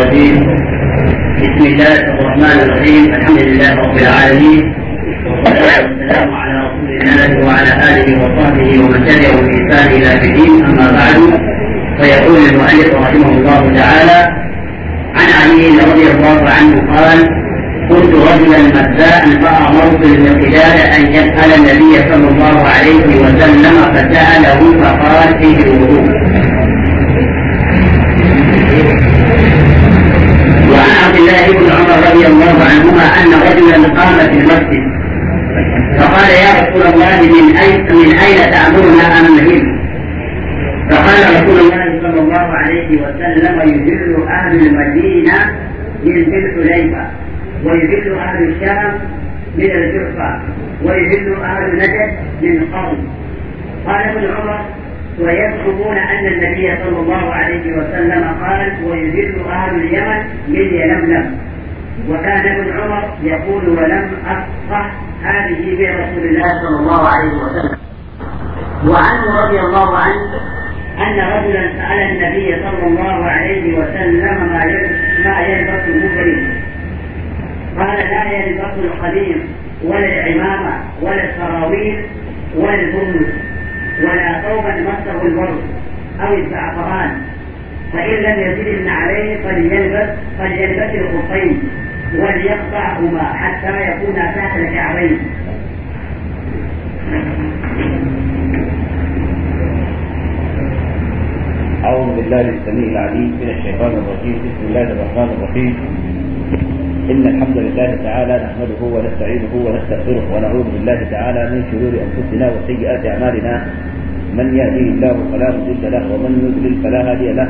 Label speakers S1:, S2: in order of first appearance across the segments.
S1: الرجيم بسم الله الرحمن الرحيم الحمد لله رب العالمين والصلاة والسلام على رسول الله وعلى آله وصحبه ومن تبعه بإحسان إلى الدين أما بعد فيقول المؤلف رحمه الله تعالى عن علي رضي الله عنه قال كنت رجلا مبداء فامرت المقداد ان يسال النبي صلى الله عليه وسلم فساله فقال فيه
S2: الوضوء رضي الله عنهما أن رجلا قام في
S1: المسجد فقال يا رسول الله من أين من أين تأمرنا أن نهل؟ فقال رسول الله صلى الله عليه وسلم يذل أهل المدينة من ذي حليفة ويذل أهل الشام من الجحفة ويذل أهل نجد من قوم قال ابن عمر ويزعمون أن النبي صلى الله عليه وسلم قال ويذل أهل اليمن من يلملم وكان ابن عمر يقول ولم أفقه هذه برسول الله صلى الله عليه وسلم وعنه رضي الله عنه أن رجلا سأل النبي صلى الله عليه وسلم ما ما يلبس المكرم قال لا يلبس القديم ولا العمامة ولا السراويل ولا البرج ولا ثوبا مسه البرد أو الزعفران فإن لم يجد عليه فليلبس فليلبس الخفين وليقطعهما حتى يكونا تحت الكعبين
S3: أعوذ بالله السميع العليم من الشيطان الرجيم بسم الله الرحمن الرحيم إن الحمد لله تعالى نحمده ونستعينه ونستغفره ونعوذ بالله تعالى من شرور أنفسنا وسيئات أعمالنا من يهديه الله فلا مضل له ومن يضلل فلا هادي له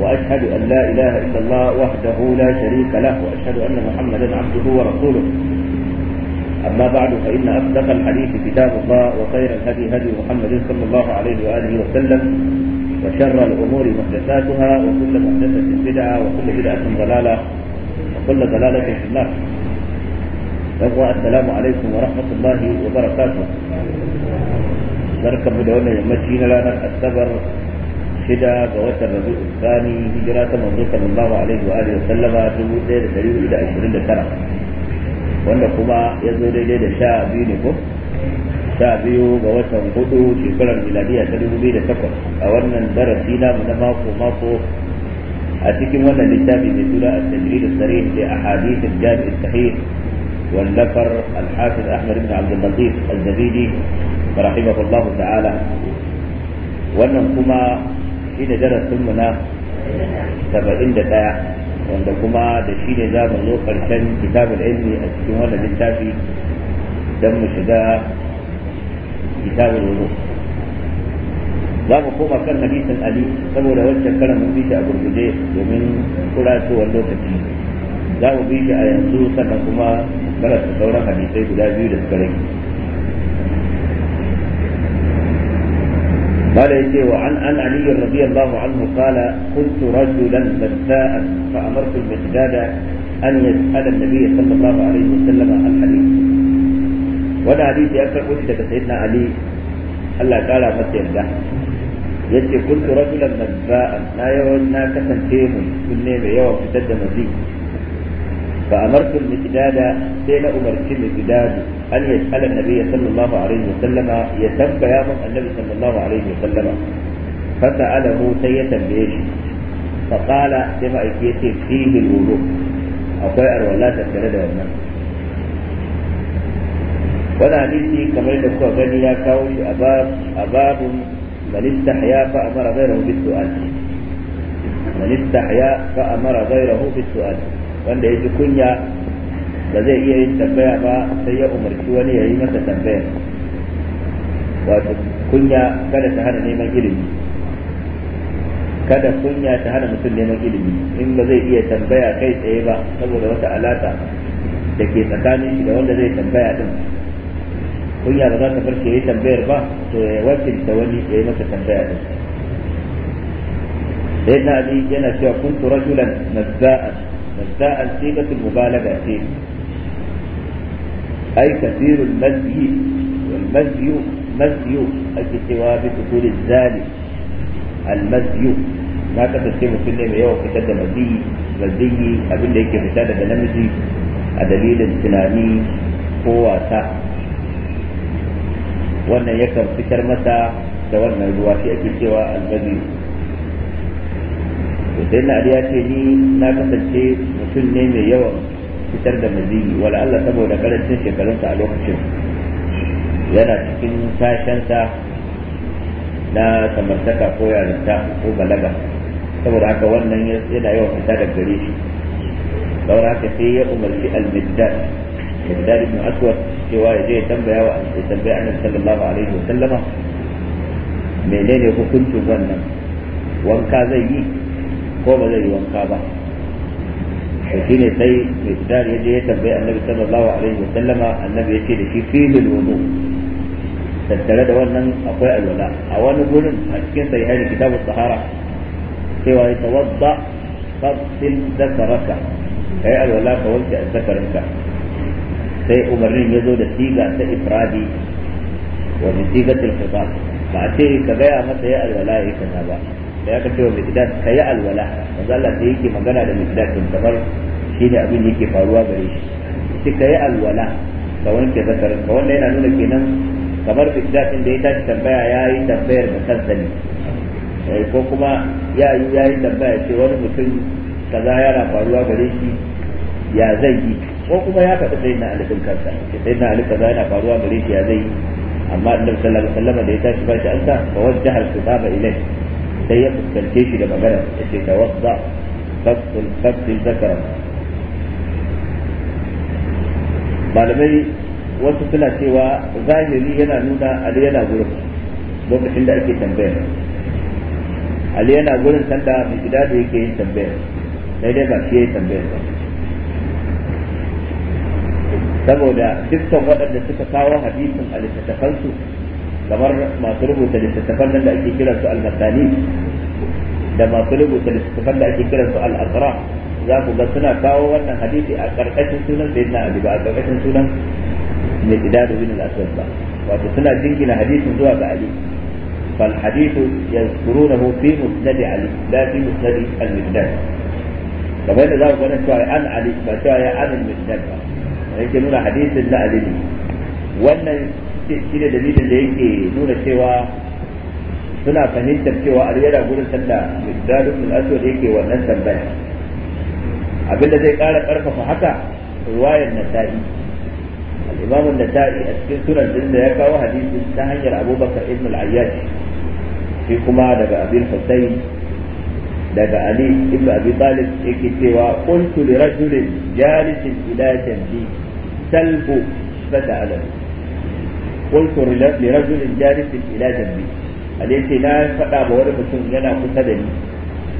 S3: وأشهد أن لا إله إلا الله وحده لا شريك له وأشهد أن محمدا عبده ورسوله أما بعد فإن أصدق الحديث كتاب الله وخير الهدي هدي محمد صلى الله عليه وآله وسلم وشر الأمور محدثاتها وكل محدثة بدعة وكل بدعة ضلالة وكل ضلالة في النار يقوى السلام عليكم ورحمة الله وبركاته نركب دولة da لنا yammaci shida ga watan rabi'ul thani hijira kuma ya zo daidai da sha biyu ga watan hudu shekarar a wannan darasi na a cikin wannan littafi mai والنفر الحافظ بن عبد اللطيف الزبيدي رحمه الله تعالى wannan kuma shi ne darasinmu na saba'in da ɗaya wanda kuma da shi ne za mu zo ƙarshen kitabul ilmi a cikin wannan littafi don mu shiga kitabul wudu za mu koma kan hadisin ali saboda wancan karan mun bi a gurguje domin kuratowar lokaci za mu bi a yanzu sannan kuma karanta sauran hadisai guda biyu da suka rage قال يتي وعن عن علي رضي الله عنه قال كنت رجلا بداء فأمرت المقداد أن يسأل النبي صلى الله عليه وسلم عن حديث wani hadisi ya karɓo da daga sayyidina ali Allah kara masa yarda yace kuntu rajulan nabba'an na yawan na kasance mun kunne mai yawan fitar da mazi فأمرت المقداد سين أمرت المقداد أن يسأل النبي صلى الله عليه وسلم يتبع يا من النبي صلى الله عليه وسلم فسأله سيئة بيش فقال كما أكيت فيه الوضوء أقوى أرولا تسكرد ومن وانا نسي كما يدفع غني يا أباب أباب من استحيا فأمر غيره بالسؤال من استحيا فأمر غيره بالسؤال wanda ya ji kunya ba zai iya yin tambaya ba sai ya umarci wani ya yi masa tambaya wato kunya kada ta hana neman ilimi kada kunya ta hana mutum neman ilimi in ba zai iya tambaya kai tsaye ba saboda wata alaka da ke tsakanin shi da wanda zai tambaya din kunya ba za ta ya yi tambayar ba to ya wakilta wani ya yi masa tambaya din sai na yana cewa kuntu rajulan nazza'an نزاء صيغة المبالغة فيه أي كثير المزي والمزي مزي أجل سوى بأصول الزالي المزي ما kasance mutum ne mai yawan fitar da maziyi maziyi abin da yake fita daga namiji a dalilin tunani ko wasa wannan yakan fitar masa da wannan ruwa shi sai na ya ce ni na kasance mutum ne mai yawan fitar da maziyi wala Allah saboda karancin shekarunsa a lokacin yana cikin sashensa na samartaka ko yarinta ko balaga saboda haka wannan yana yawan fita da gare shi saboda haka sai ya umarci al-middad ibn aswad cewa ya je ya tambaya wa ya tambaya annabi sallallahu alaihi wa sallama menene hukuncin wannan wanka zai yi ko ba zai yi wanka ba to shi ne sai misdar ya je ya tambayi annabi sallallahu alaihi wa sallama annabi ya ce da shi filin wudu tattare da wannan akwai alwala a wani gurin a cikin sai hari kitabu sahara cewa ya tawadda fasil zakaraka kai alwala ka wanke zakarinka sai umarnin ya zo da siga ta ifradi wani bi sigatil ba a ce ka gaya masa ya alwala ya yi kaza ba da ya kace wa miqdad kayi alwala manzo Allah sai yake magana da miqdad din kamar shine abin da yake faruwa gare shi shi kayi alwala ka wanke zakar ka wanda yana nuna kenan kamar miqdad din da ya tashi tambaya yayi tambayar da kansa ne eh, ko kuma ya yi ya yi tambaya ce wani mutum kaza yana faruwa gare shi ya zai yi ko kuma ya faɗi sai na alifin kansa sai na alifin kaza yana faruwa gare shi ya zai yi amma annabi sallallahu alaihi wasallam da ya tashi ba shi ansa fa wajjaha al-khitaba ilayhi sai ya fuskance shi da magana ya ce ta wasa fasil fasil zakara malamai wasu suna cewa zahiri yana nuna ali yana gurin lokacin da ake tambayar ali yana gurin sanda mai gida da yake yin tambayar sai dai ba shi ya yi tambayar ba saboda dukkan waɗanda suka kawo hadisin a littattafansu kamar masu rubuta littattafan nan da ake kiransu al-masani da masu rubuta littattafan da ake su al asra za ku ga suna kawo wannan hadisi a karkashin sunan da ali ba a karkashin sunan mai idadu da al-aswad ba wato suna jingina hadisin zuwa ga ali فالحديث يذكرونه في مسند علي لا في مسند المقداد kamar yadda za ku ganin cewa an ali ba cewa ya an al-misdad ba yake nuna hadisin na ali ne wannan ce shi ne dalilin da yake nuna cewa suna fahimtar cewa a yana gurin sallah miqdad ibn aswad yake wannan tambaya abinda zai ƙara ƙarfafa haka riwayar nasa'i al-imam an-nasa'i a cikin sunan din da ya kawo hadisi ta hanyar abubakar ibn al-ayyash shi kuma daga abin husayn daga ali ibn abi talib yake cewa qultu li rajulin jalisin ila jambi salbu fada qultu li rajulin jalisin ila jambi alai na faɗa ba wani mutum yana kusa da ni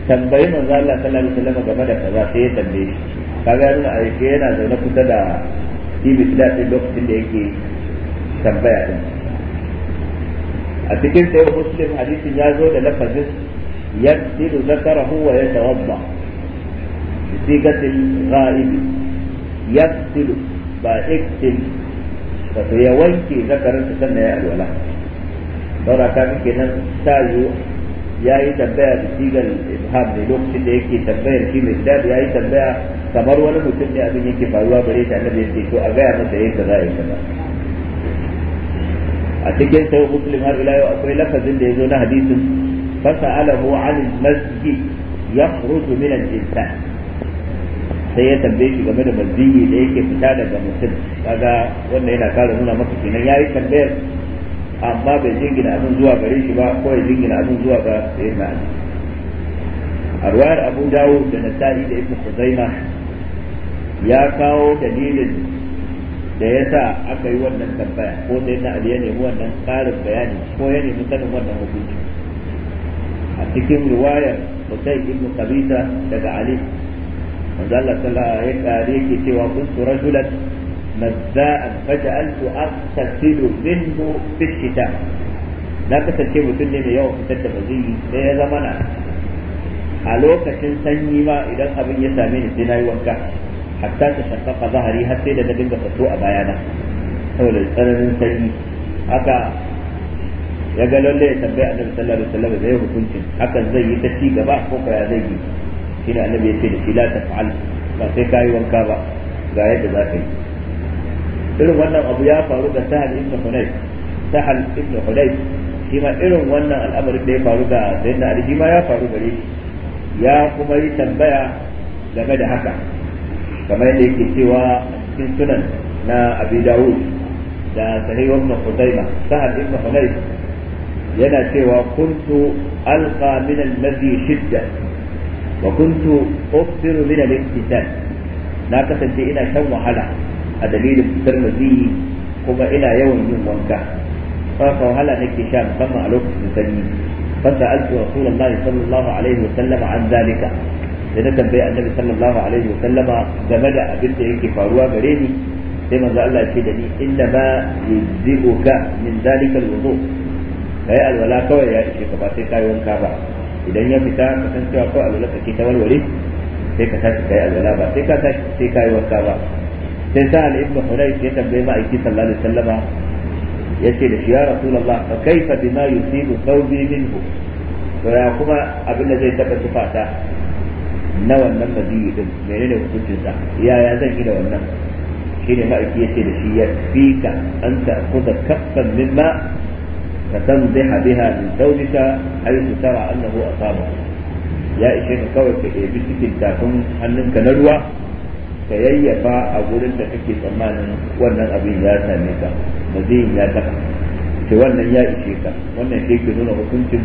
S3: tambayi manzo Allah sallallahu alaihi wasallam da kaza sai ya tambaye shi kaga yana a yake yana zaune kusa da ibn da lokacin da a cikin sai ya zo da wato ya wanke su sannan ya alwala saura ka kake nan ta ya yi tambaya da sigar ibham ne lokacin da yake tambayar shi mai dad ya yi tambaya kamar wani mutum ne abin yake faruwa bare shi annabi yake to a gaya masa yadda za a yi kaza a cikin sai muslim har ila yau akwai lafazin da ya zo na hadisin fasalahu an masjid yakhruju min al-insan sai ya tambaye shi game da mazini da yake fita daga mutum kaga wanda yana kara nuna maka kenan ya yi tambayar amma bai jingina abin zuwa gare shi ba ko ya jingina abin zuwa ga na Ali a ruwayar Abu dawo da Nasa'i da Ibn Khuzaima ya kawo dalilin da ya sa aka yi wannan tambaya ko sayyidina Ali ya nemi wannan ƙarin bayani ko ya nemi sanin wannan hukunci a cikin ruwayar Husayn ibn Qabisa daga Ali manzo Allah sallallahu alaihi wa yake cewa kuntu rajulan mazza'an faj'altu aqtasilu minhu fi shita na kasance mutum ne mai yawan fitar da maziyi sai ya zama na a lokacin sanyi ma idan abin ya same ni sai na wanka hatta ta shakaka zahari har sai da na dinga fito a bayana saboda tsananin sanyi haka ya ga lalle ya tambaya annabi sallallahu alaihi wasallam ya hukuncin hakan zai yi ta ci gaba ko kaya zai yi shine annabi yace da la taf'al ba sai kai wanka ba ga yadda za ka yi irin wannan abu ya faru da sahal ibn hunayf sahal ibn hunayf shi ma irin wannan al'amarin da ya faru da sayyidina ali shi ma ya faru gare shi ya kuma yi tambaya game da haka kamar yadda yake cewa cikin sunan na abi dawud da sahih ibn qudayma sahal ibn hunayf yana cewa kuntu alqa min alladhi shidda wa kuntu uksiru min na kasance ina shan wahala a dalilin fitar maziyi kuma ina yawan yin wanka fa wahala nake sha musamman a lokacin sanyi فسألت رسول الله صلى الله عليه وسلم عن ذلك da tambayi sallallahu alaihi wa sallama game da abin da yake faruwa gare ni sai maza Allah ya ce da ni inna ma yuzibuka min zalika alwudu kai alwala kawai ya ishe ka ba wanka ba idan ya fita ka san cewa ko alwala kake ta walwale sai ka tashi kai alwala ba sai ka tashi sai kai wanka ba sai sa al-ibnu hulayf ya tambaye ma aiki sallallahu alaihi wasallama yace da shi ya rasulullah fa kaifa bima yusibu thawbi minhu to ya kuma abin da zai taba tufata na wannan madiyi din menene hukuncin sa yaya zan yi da wannan shine ma'aiki yace da shi ya fika an ta kuda kaffan mimma فتنضح بها من زوجك حيث ترى انه اصابه ya ishe ka kawai ka ɗebi cikin tafin hannunka na ruwa ka yayyafa a gurin da kake tsammanin wannan abin ya same ka maziyin ya taɓa ce wannan ya ishe wannan shi ke nuna hukuncin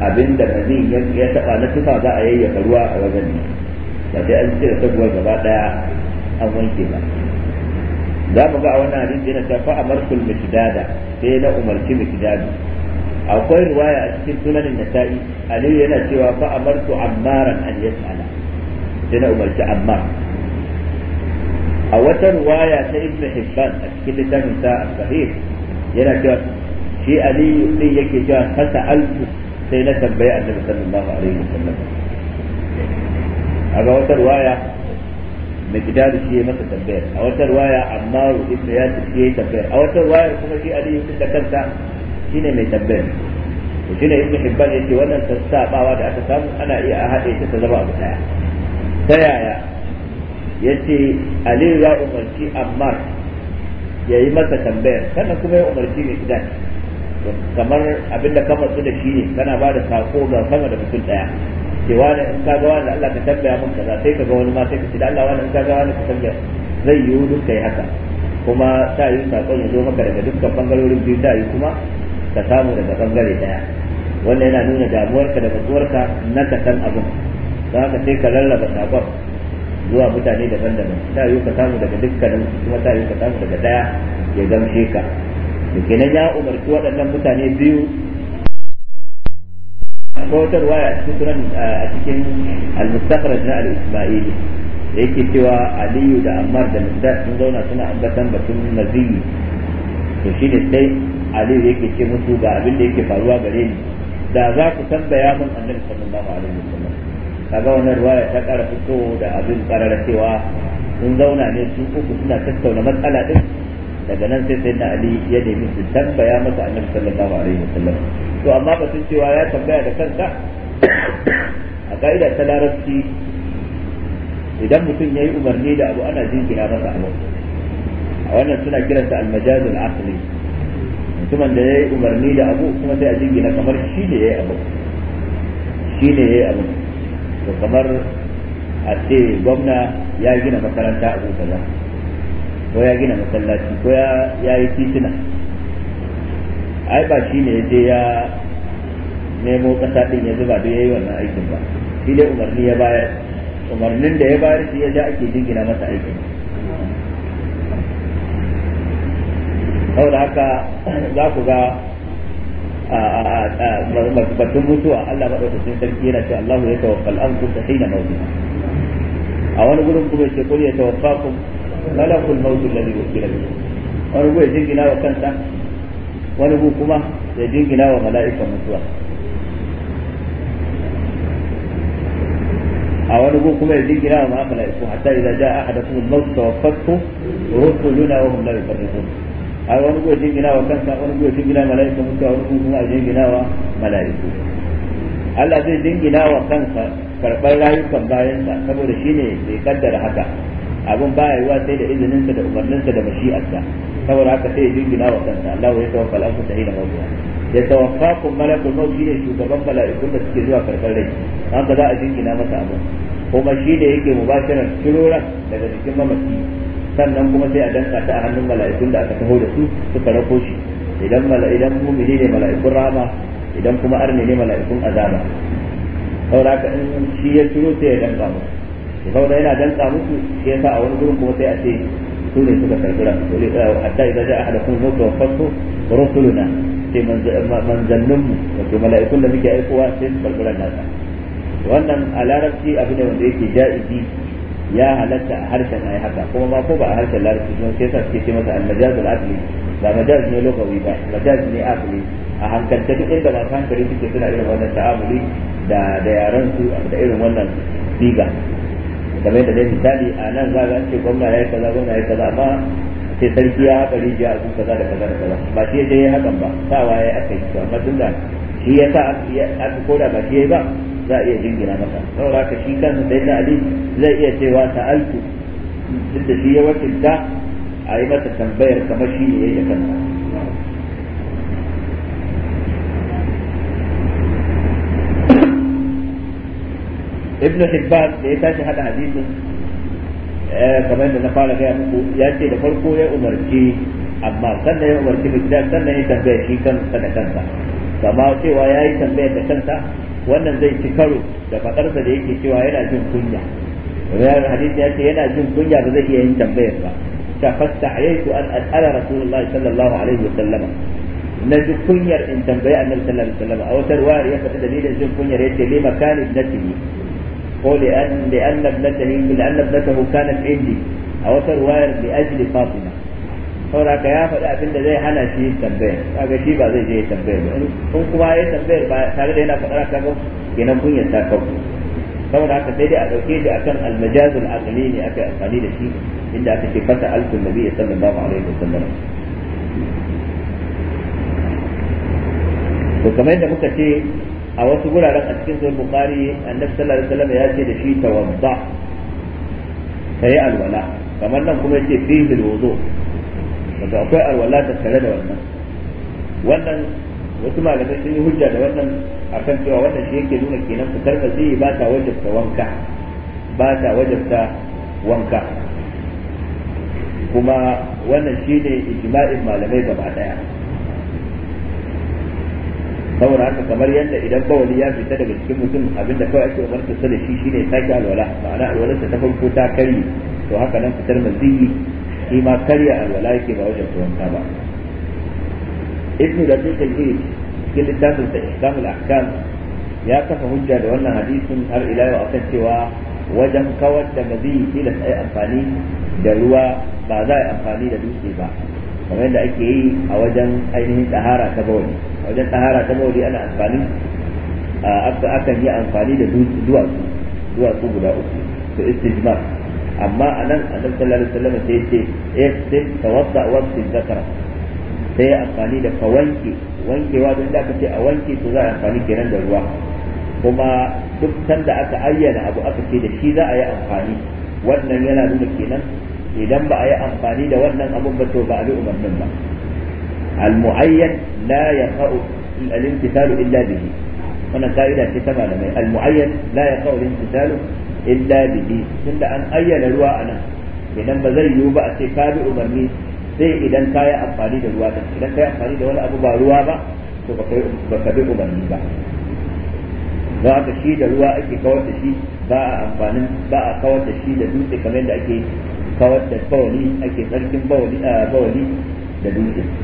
S3: abin da maziyin ya taɓa na tufa za a yayyafa ruwa a wajen ne ba sai an cire taguwar gaba ɗaya an wanke ba za mu ga a wannan hadisi yana ta fa amartul miqdada sai na umarci miqdadu akwai riwaya a cikin sunan nasa'i aliyu yana cewa fa amartu ammaran an yas'ala sai na umarci ammar a wata riwaya ta ibn hibban a cikin littafin sa sahih yana cewa shi aliyu din yake cewa fa sa'altu sai na tambaye annabi sallallahu alaihi wasallam a ga wata riwaya miqdar shi ya masa tambayar a wata riwaya amma ibn yasir shi ya tambayar a wata riwaya kuma shi ali ibn da kanta shine mai tambayar to shine ibn hibban yace wannan sassabawa da aka samu ana iya a haɗe ta zama abu daya ta yaya yace ali ya umarci ammar ya yi masa tambayar sannan kuma ya umarci miqdar kamar abinda kamar su da shi ne kana ba da sako ga sama da mutum daya ce wani in ka ga wani Allah ka tambaya mun kaza sai ka ga wani ma sai ka ce da Allah wani in ka ga wani ka tambaya zai yiwu duk kai haka kuma ta yi sakon ya zo maka daga dukkan bangarorin biyu ta yi kuma ka samu daga bangare daya wannan yana nuna damuwarka da matsuwarka na ka san abin don haka sai ka lallaba sakon zuwa mutane daban-daban ta yi ka samu daga dukkanin kuma ta yi ka samu daga daya ya gamshe ka da kenan ya umarci waɗannan mutane biyu ko waya a cikin sunan a cikin al na al-isma'ili da yake cewa aliyu da ammar da misdad sun zauna suna ambatan batun naziyi to shi ne sai aliyu yake ce musu ga abin da yake faruwa gare ni da za ku tambaya min annabi sallallahu alaihi wasallam kaga wannan waya ta kara fito da abin karara cewa sun zauna ne sun uku suna tattauna matsala din daga nan sai sai na ali ya nemi su tambaya masa annabi sallallahu alaihi wasallam to amma batun cewa ya tambaya da kanka a ka'ida ta larabci idan mutum ya yi umarni da abu ana jinkira masa abu a wannan suna kiranta almajazul aqli mutumin da ya yi umarni da abu kuma sai a jingina kamar shi ne ya yi abu shi ne ya yi abu to kamar a ce gwamna ya gina makaranta abu ko ya gina masallaci ko ya yi titina ai ba shi ne ya je ya nemo kasa din ya zuba da yayi wannan aikin ba shi dai umarni ya bayar umarnin da ya bayar shi ya ja ake jingina masa aikin saboda haka za ku ga batun mutuwa Allah sun sarki yana cewa Allah ya tawakkal an kusa hina mautu a wani gudun kuma ce kuri ya tawaffakum malakul mautu lalibu kira bihi wani gudun jingina wa kansa wani gu kuma ya jingina wa mala'ikan mutuwa a wani gu kuma ya jingina wa mala'ikan hatta idza jaa ahadakum al-maut tawaffatu rusuluna wa hum la yufarriqun a wani gu ya jingina wa kansa wani gu ya jingina mala'ikan mutuwa wani gu ya jingina wa mala'iku Allah zai jingina wa kansa karɓar rayukan bayansa saboda shine bai kaddara haka abin ya yiwa sai da izininsa da umarninsa da mashi'arsa saboda haka sai ya jingina wa kansa Allah ya tawakkal an ta hina mawdu'a ya kun malakul maut ne shugaban mala'ikun da suke zuwa karɓar rai haka za a jingina masa abin kuma shi da yake mubashiran kirora daga jikin mamaci sannan kuma sai a danka ta a hannun mala'ikun da aka taho da su suka rako shi idan idan mumini ne mala'ikun rahama idan kuma arne ne mala'ikun azaba saboda haka in shi ya turo sai ya danka masa to saboda yana danta musu shi yasa a wani gurin kuma sai a ce su ne suka karbira ran to eh, hatta idza ja'a ahadakum kun wa fasu rusuluna sai manzannin mu wato mala'ikun da muke aikowa sai su karbira nasa wannan a larabci abu ne wanda yake ja'izi ya halatta a harshen ai haka kuma ma ko ba a harshen larabci don sai sa suke ce masa al-majazul aqli ba majaz ne lugawi ba majaz ne aqli a hankalta duk inda masu hankali suke suna irin wannan ta'amuli da da yaran su da irin wannan diga game da dai misali a nan za ga ce gwamna ya yi kaza gwamna ya yi kaza amma sai sarki ya haka rijiya a kaza da kaza da kaza ba shi yadda ya hakan ba sawa ya aka yi amma tun da shi ya sa aka koda ba shi ya ba za a iya jingina masa da haka shi kansa sai na ali zai iya cewa sa'altu duk da shi ya wakilta a yi mata tambayar kamar shi ne ya yi kansa ibn hibban da ya tashi hada hadisin eh, kamar da na fara gaya muku ya ce da farko ya umarci amma sannan ya umarci bijjan sannan ya tambaya shi kansa da kansa kama cewa ya yi tambaya da kansa wannan zai ci karo da fadarsa da yake cewa yana jin kunya riwayar hadisi ya ce yana jin kunya ba zai iya yin tambayar ba ta fasta alaiku an as'ala rasulullahi sallallahu alaihi wa sallama na ji kunyar in tambayi annabi sallallahu alaihi wa sallama a wata riwayar ya faɗi dalilin jin kunyar yace lima kana ibnatihi ko li'an li'an ibnatahu li'an ibnatahu kanat indi a wata ruwayar bi ajli fatima saboda ka ya faɗi abin zai hana shi tambayar kaga shi ba zai je tambayar ba kun kuma ya tambayar ba tare da yana faɗa kaga kenan kun sai dai a ɗauke shi akan almajazul aqli ne aka da inda aka ce fata alkun to kamar yadda muka ce a wasu guraren a cikin sahih bukhari annabi sallallahu alaihi wasallam ya ce da shi tawadda kai alwala kamar nan kuma yace fihi alwudu wato akwai alwala ta tare da wannan wannan wasu malamai sun yi hujja da wannan akan cewa wannan shi yake nuna kenan fitar da zai ba ta wajabta wanka ba ta wajabta wanka kuma wannan shi ne ijma'in malamai gaba daya saboda haka kamar yadda idan bawali ya fita daga cikin mutum abinda kawai ake umarta sa da shi shine sake alwala ma'ana alwalarsa ta farko ta karye to haka nan fitar maziyi shi ma karya alwala yake ba wajen wanka ba ibnu da dukkan hiri cikin littafin sa ahkam ya kafa hujja da wannan hadisin har ila yau akan cewa wajen kawar da maziyi tilas ai amfani da ruwa ba za a yi amfani da dutse ba kamar yadda ake yi a wajen ainihin tsahara ta bawali wajen tsahara ta mauli ana amfani akan yi amfani da duwatsu duwatsu guda uku to istijma amma a nan annabi sallallahu alaihi wasallam sai ce ihsin tawadda wasu zakara sai ya amfani da ka wanke wankewa don da ce a wanke to za a amfani kenan da ruwa kuma duk sanda aka ayyana abu aka ce da shi za a yi amfani wannan yana nuna kenan idan ba a yi amfani da wannan abun ba to ba a bi umarnin ba المعين لا يقع الامتثال إلا به wannan ka'ida ce ta malamai al-mu'ayyan la yaqau al-imtisalu illa bihi tunda an ayyana ruwa anan idan ba zai yiwu ba a ce ka bi umarni sai idan ka yi amfani da ruwa din idan ka yi amfani da wani abu ba ruwa ba to ba ka bi umarni ba za ka shi da ruwa ake kawar da shi ba a amfanin ba a kawar da shi da dutse kamar yadda ake kawar da bawali ake sarkin bawali da dutse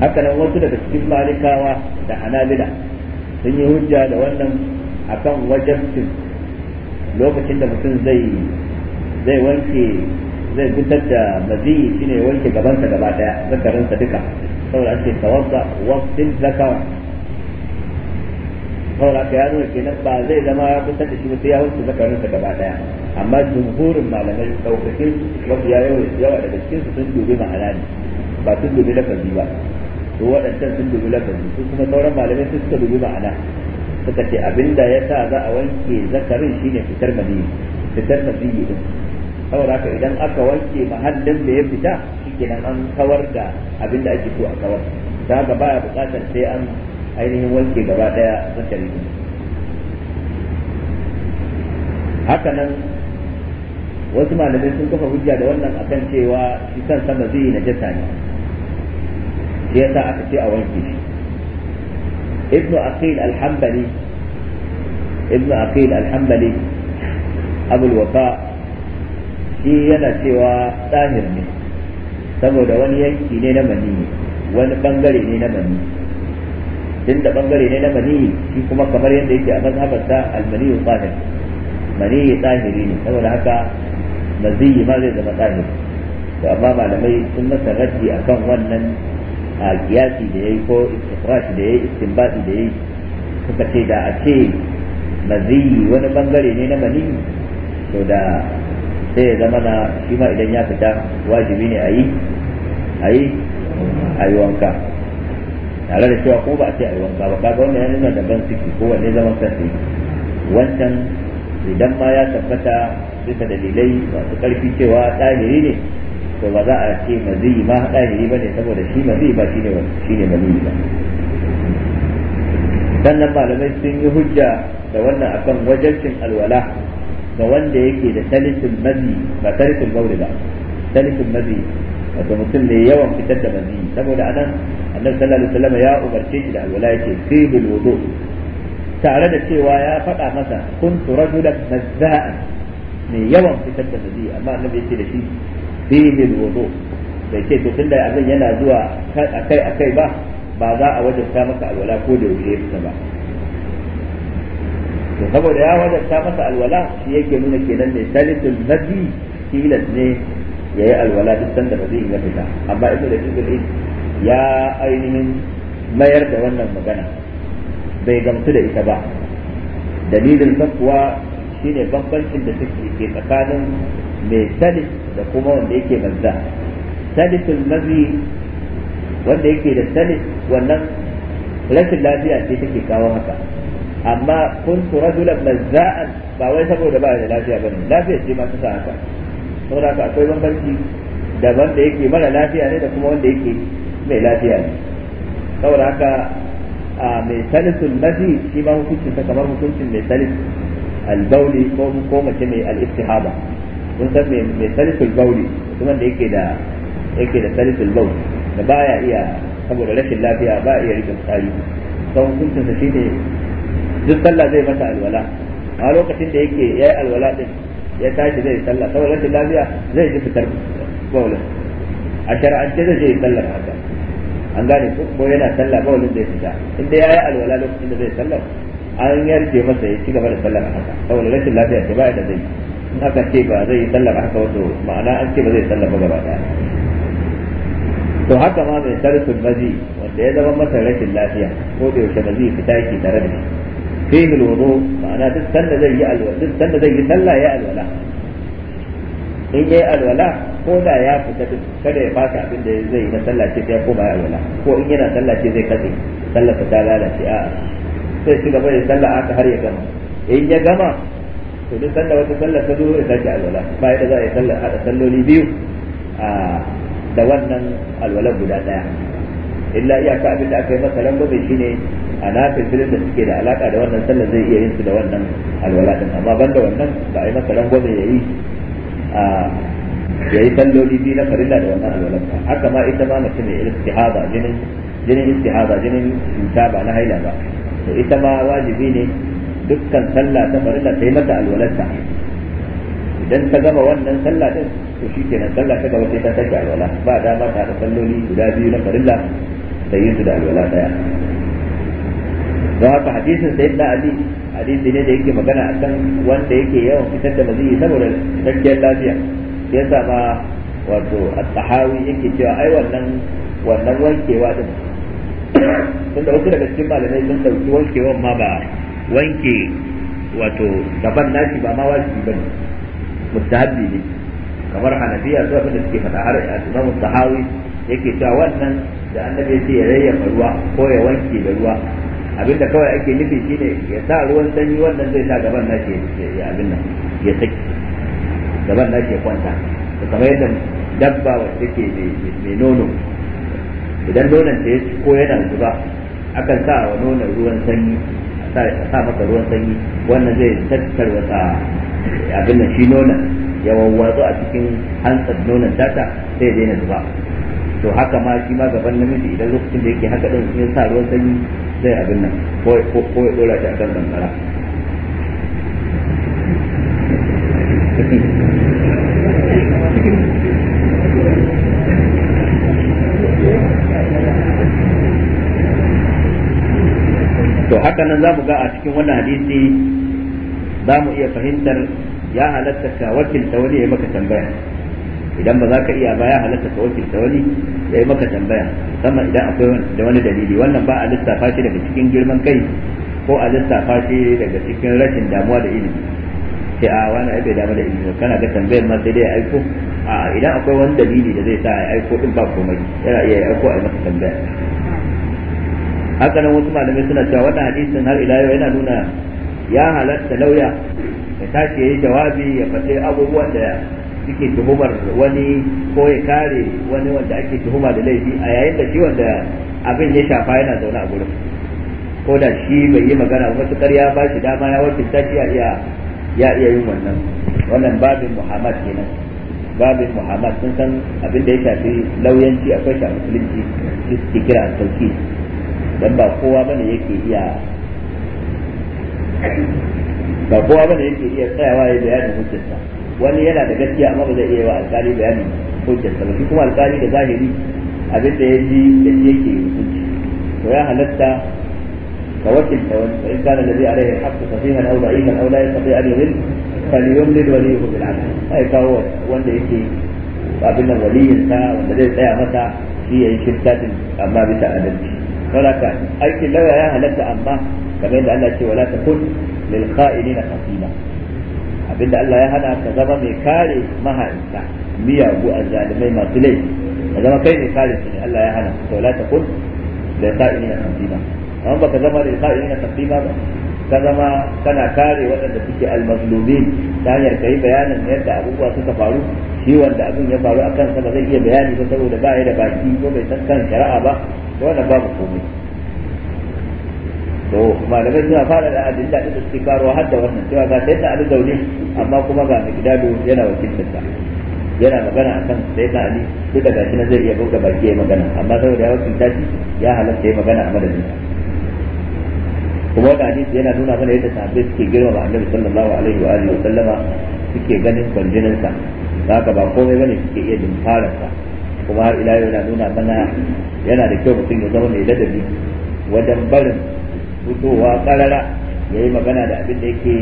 S3: haka nan wasu daga cikin malikawa da hanabila sun yi hujja da wannan akan wajabcin lokacin da mutum zai zai wanke zai fitar da maziyi shine ya wanke gabansa gaba daya zakarinsa duka saboda ake tawadda waqtin zakawa saboda ka yaro nan ba zai zama ya fitar da shi ba sai ya wanke zakarinsa gaba daya amma jumhurin malamai daukake wasu ya yawa daga cikin su sun dubi ma'ana ne ba sun dubi lafazi ba to waɗancan sun dubi lafazi su kuma sauran malamai su suka dubi ma'ana suka ce abinda ya sa za a wanke zakarin shine fitar maniyi fitar din saboda haka idan aka wanke mahallin da ya fita shikenan an kawar da abin da ake so a kawar da haka baya buƙatar sai an ainihin wanke gaba daya zakari din haka nan wasu malamai sun kafa hujja da wannan akan cewa shi kan sama zai najasa ne shi yasa aka ce a wanke shi ibnu aqil al-hanbali ibnu aqil al-hanbali al wafa shi yana cewa tsahir ne saboda wani yanki ne na mani wani bangare ne na mani inda bangare ne na mani shi kuma kamar yadda yake a mazhabarsa al-maniyu tsahir mani tsahiri ne saboda haka maziyi ma zai zama tsahir to amma malamai sun masa raddi akan wannan a kiyasi da yayi ko istifrashi da yayi istinbati da yayi suka ce da a ce maziyi wani bangare ne na mani to da sai ya zama na shi ma idan ya fita wajibi ne a yi a yi a yi wanka tare da cewa ko ba a ce a yi wanka ba kaga wannan ya nuna daban ciki ko wanne zaman kansa wancan idan ma ya tabbata bisa dalilai masu ƙarfi cewa ɗahiri ne to ba za a ce maziyi ma haɗari ba ne saboda shi maziyi ba shine shine maziyi ba sannan malamai sun yi hujja da wannan akan wajabcin alwala ga wanda yake da talitin mazi ba talitin bauri ba talitin mazi wato mutum ne yawan fitar da mazi saboda anan annabi sallallahu alaihi ya umarce shi da alwala yake sibul wudu tare da cewa ya faɗa masa kuntu rajulan mazza'an mai yawan fitar da mazi amma annabi yake da shi fihi wudu bai ce to tunda abin yana zuwa akai akai ba ba za a wajen ta maka alwala ko da yaushe ya ba to saboda ya wajen ta masa alwala shi yake nuna kenan ne salisul nabi tilas ne yayi alwala duk sanda ba zai fita amma ibnu da jibril ya ainihin mayar da wannan magana bai gamsu da ita ba dalilin sa kuwa shine bambancin da take tsakanin mai sadis da kuma wanda yake mazza sadisul mazi wanda yake da sadis wannan rashin lafiya ce take kawo haka amma kun tura dula mazza'an ba wai saboda ba da lafiya bane lafiya ce ma ta sa haka saboda haka akwai bambanci da wanda yake mara lafiya ne da kuma wanda yake mai lafiya ne saboda haka a mai salisul mazi shi ma hukuncin ta kamar hukuncin mai salis albauli ko ko mace mai al-istihaba mun san me me salisul bauli mutumin da yake da yake da salisul bauli da baya iya saboda rashin lafiya ba iya rike fitsari don hukuncin sa shine duk sallah zai masa alwala a lokacin da yake yayi alwala din ya tashi zai sallah saboda rashin lafiya zai ji fitar baulin a shar'ance zai je sallah haka an gane ko yana sallah baulin zai fita inda yayi alwala lokacin da zai sallah an yarje masa ya ci gaba da sallar haka saboda rashin lafiya da baya da zai in aka ce ba zai sallah ba haka wato ma'ana an ce ba zai sallah ba gaba daya to haka ma mai sarfin mazi wanda ya zama masa rashin lafiya ko da yaushe mazi fita yake tare da shi fihi alwudu ma'ana duk sanda zai yi alwala duk sanda zai yi sallah ya alwala in yayi alwala ko da ya fita duk kada ya fasa abin da zai na sallah ce ya ko ba alwala ko in yana sallah ce zai kace sallah ta lalace a sai shi gaba da sallah aka har ya gama in ya gama to duk sanda wata sallar ta zo ya sake alwala ba yadda za a yi sallar hada salloli biyu da wannan alwala guda daya illa iyaka abin da aka yi masa lambobi shine a nafin filin da suke da alaka da wannan sallar zai iya yin su da wannan alwala din amma banda wannan ba a yi masa lambobin yayi a yi salloli biyu na farilla da wannan alwala ba haka ma ita ma mutum ne istihada jinin jinin istihada jinin cuta ba na haila ba to ita ma wajibi ne dukkan sallah ta farilla ta yi mata alwalarta idan ta gama wannan sallah din to shi kenan sallah ta gaba sai ta sake alwala ba dama ta da salloli guda biyu na farilla da yin su da alwala daya don haka hadisin sai da ali hadisi ne da yake magana akan wanda yake yawan fitar da maziyi saboda cikakkiyar lafiya ya sama wato at-tahawi yake cewa ai wannan wannan wankewa din tunda wasu daga cikin malamai sun dauki wankewan ma ba wanke wato gaban nashi ba ma wajibi ne mustahabbi ne kamar hanafiya su abin da suke faɗa har imam sahawi yake cewa wannan da an ya ce ya yayyafa ruwa ko ya wanke da ruwa abinda kawai ake nufi shine ya sa ruwan sanyi wannan zai sa gaban nashi ya abin nan ya saki gaban nashi ya kwanta da kamar yadda dabba wacce ke mai nono idan nonon ta ya ko yana zuba akan sa wa nonon ruwan sanyi sa maka ruwan sanyi wannan zai tattarwata abin nan shi nonon ya wawwatsu a cikin hantsar nonon data sai daina zuba to haka ma shi ma gaban namiji idan lokacin da yake haka din sai sa ruwan sanyi zai abin nan ko ya dora shi a kan kankara nan za mu ga a cikin wannan hadisi za mu iya fahimtar ya halatta ka wakilta wani ya maka tambaya idan ba za ka iya ba ya halatta ka wakilta wani ya yi maka tambaya musamman idan akwai da wani dalili wannan ba a lissafa shi daga cikin girman kai ko a lissafa shi daga cikin rashin damuwa da ilimi sai a ah, wani ai bai damu da ilimi kana ga tambayar ma sai dai ya aiko a idan akwai wani dalili da zai sa ya aiko din ba komai yana iya ya aiko a yi maka tambaya haka nan wasu malamai suna cewa wannan hadisin har ila yau yana nuna ya halatta lauya ya tashi yayi jawabi ya faɗi abubuwan da suke tuhumar wani ko ya kare wani wanda ake tuhuma da laifi a yayin da shi wanda abin ya shafa yana zaune a gurin ko da shi bai yi magana ba matukar ya ba shi dama ya ta shi ya iya iya yin wannan wannan babin muhammad kenan babin muhammad sun san abin da ya shafi lauyanci akwai shafi a musulunci su ke kira tauki dan ba kowa bane yake iya ba kowa bane yake iya tsayawa ya bayanin hujjarsa wani yana da gaskiya amma ba zai iya wa alƙali bayanin hujjarsa ba shi kuma alƙali da zahiri abin da ya ji da shi yake hukunci to ya halatta ka wakilta wani fa in kana da zai alaihi haqqu sahihan aw da'iman aw la yastati an yudil falyumlil waliyuhu bil adl ai kawo wanda yake abin nan waliyinsa wanda zai tsaya masa shi yayin shirkatin amma bisa adalci saboda aikin lauya ya halatta amma kamar yadda Allah ce wala takun lil abinda Allah ya hana ka zama mai kare maharinta miyagu azzalimai masu laifi ka zama kai mai kare su ne Allah ya hana ka wala takun lil amma baka zama lil ba ka zama kana kare waɗanda suke almaslumi ta hanyar kai bayanin yadda abubuwa suka faru shi wanda abin ya faru a kansa ba zai iya bayani ba saboda ba ya da baki ko bai san kan shari'a ba wannan babu komai to malamai suna fara da adilla da suke karo har da wannan cewa ga sai da Ali zaune amma kuma ga gidado yana wakilin sa yana magana akan sai da Ali duk da gashi na zai iya buga baki ya magana amma saboda ya wakilta shi ya halatta ya magana a madadin kuma da hadisi yana nuna mana yadda sahabbai suke girmama annabi sallallahu alaihi wa alihi sallama suke ganin kwanjinin sa haka ba komai bane suke iya dimfarar sa kuma har ila yana nuna mana yana da kyau mutum ya zama mai ladabi wajen barin fitowa karara ya magana da abin da yake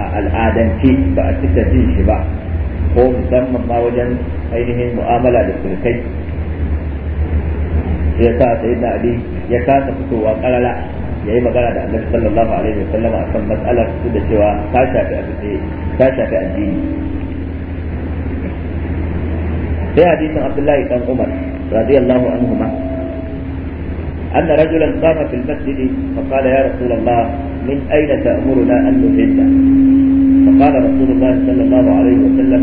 S3: a al'adance ba a cika jin shi ba ko musamman ma wajen ainihin mu'amala da surkai ya sa sai ali ya kasa fitowa karara yayi magana da annabi sallallahu alaihi wasallam akan matsalar su da cewa ta shafi abin ta shafi addini sai hadisin abdullahi dan umar radiyallahu anhuma أن رجلا قام في المسجد فقال يا رسول الله من أين تأمرنا أن نهد فقال رسول الله صلى الله عليه وسلم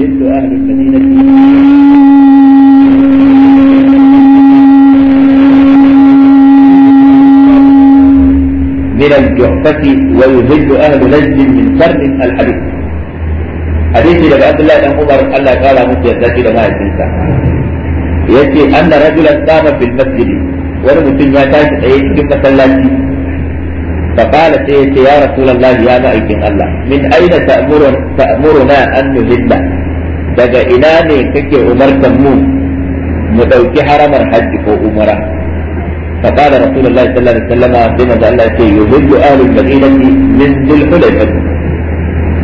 S3: يهد أهل المدينة من الجحفة ويذل أهل نجد من قرن الحديث حديث لك عبد الله بن عمر الله قال مجد يسأل لما يجلسا يأتي أن رجلا قام في المسجد ورمتن يا تاج أيه كم مسلاتي فقال سيدي يا رسول الله يا مائك الله من أين تأمر تأمرنا أن نهد daga ina ne kake umartan mu mu ɗauki haramar hajji ko umara فقال رسول الله صلى الله عليه وسلم بما الله يقول يهل اهل المدينه من ذي الحليفه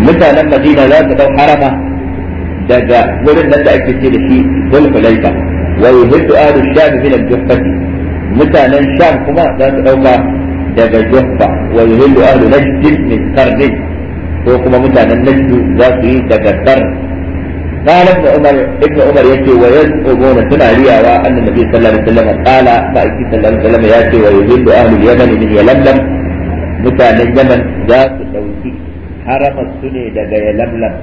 S3: mutanen madina za su dau daga wurin nan da ake ce da shi zul hulaifa wa yuhiddu ahlu sham min al-juffati mutanen sham kuma za su dauka daga juffa wa yuhiddu ahlu najd min kuma mutanen yi daga dar قال ابن عمر ابن عمر يأتي سمع تناريا وأن النبي صلى الله عليه وسلم قال فأتي صلى الله عليه وسلم يأتي ويذل أهل اليمن من يلملم متان اليمن ذات دوتي حرم السني دقى يلملم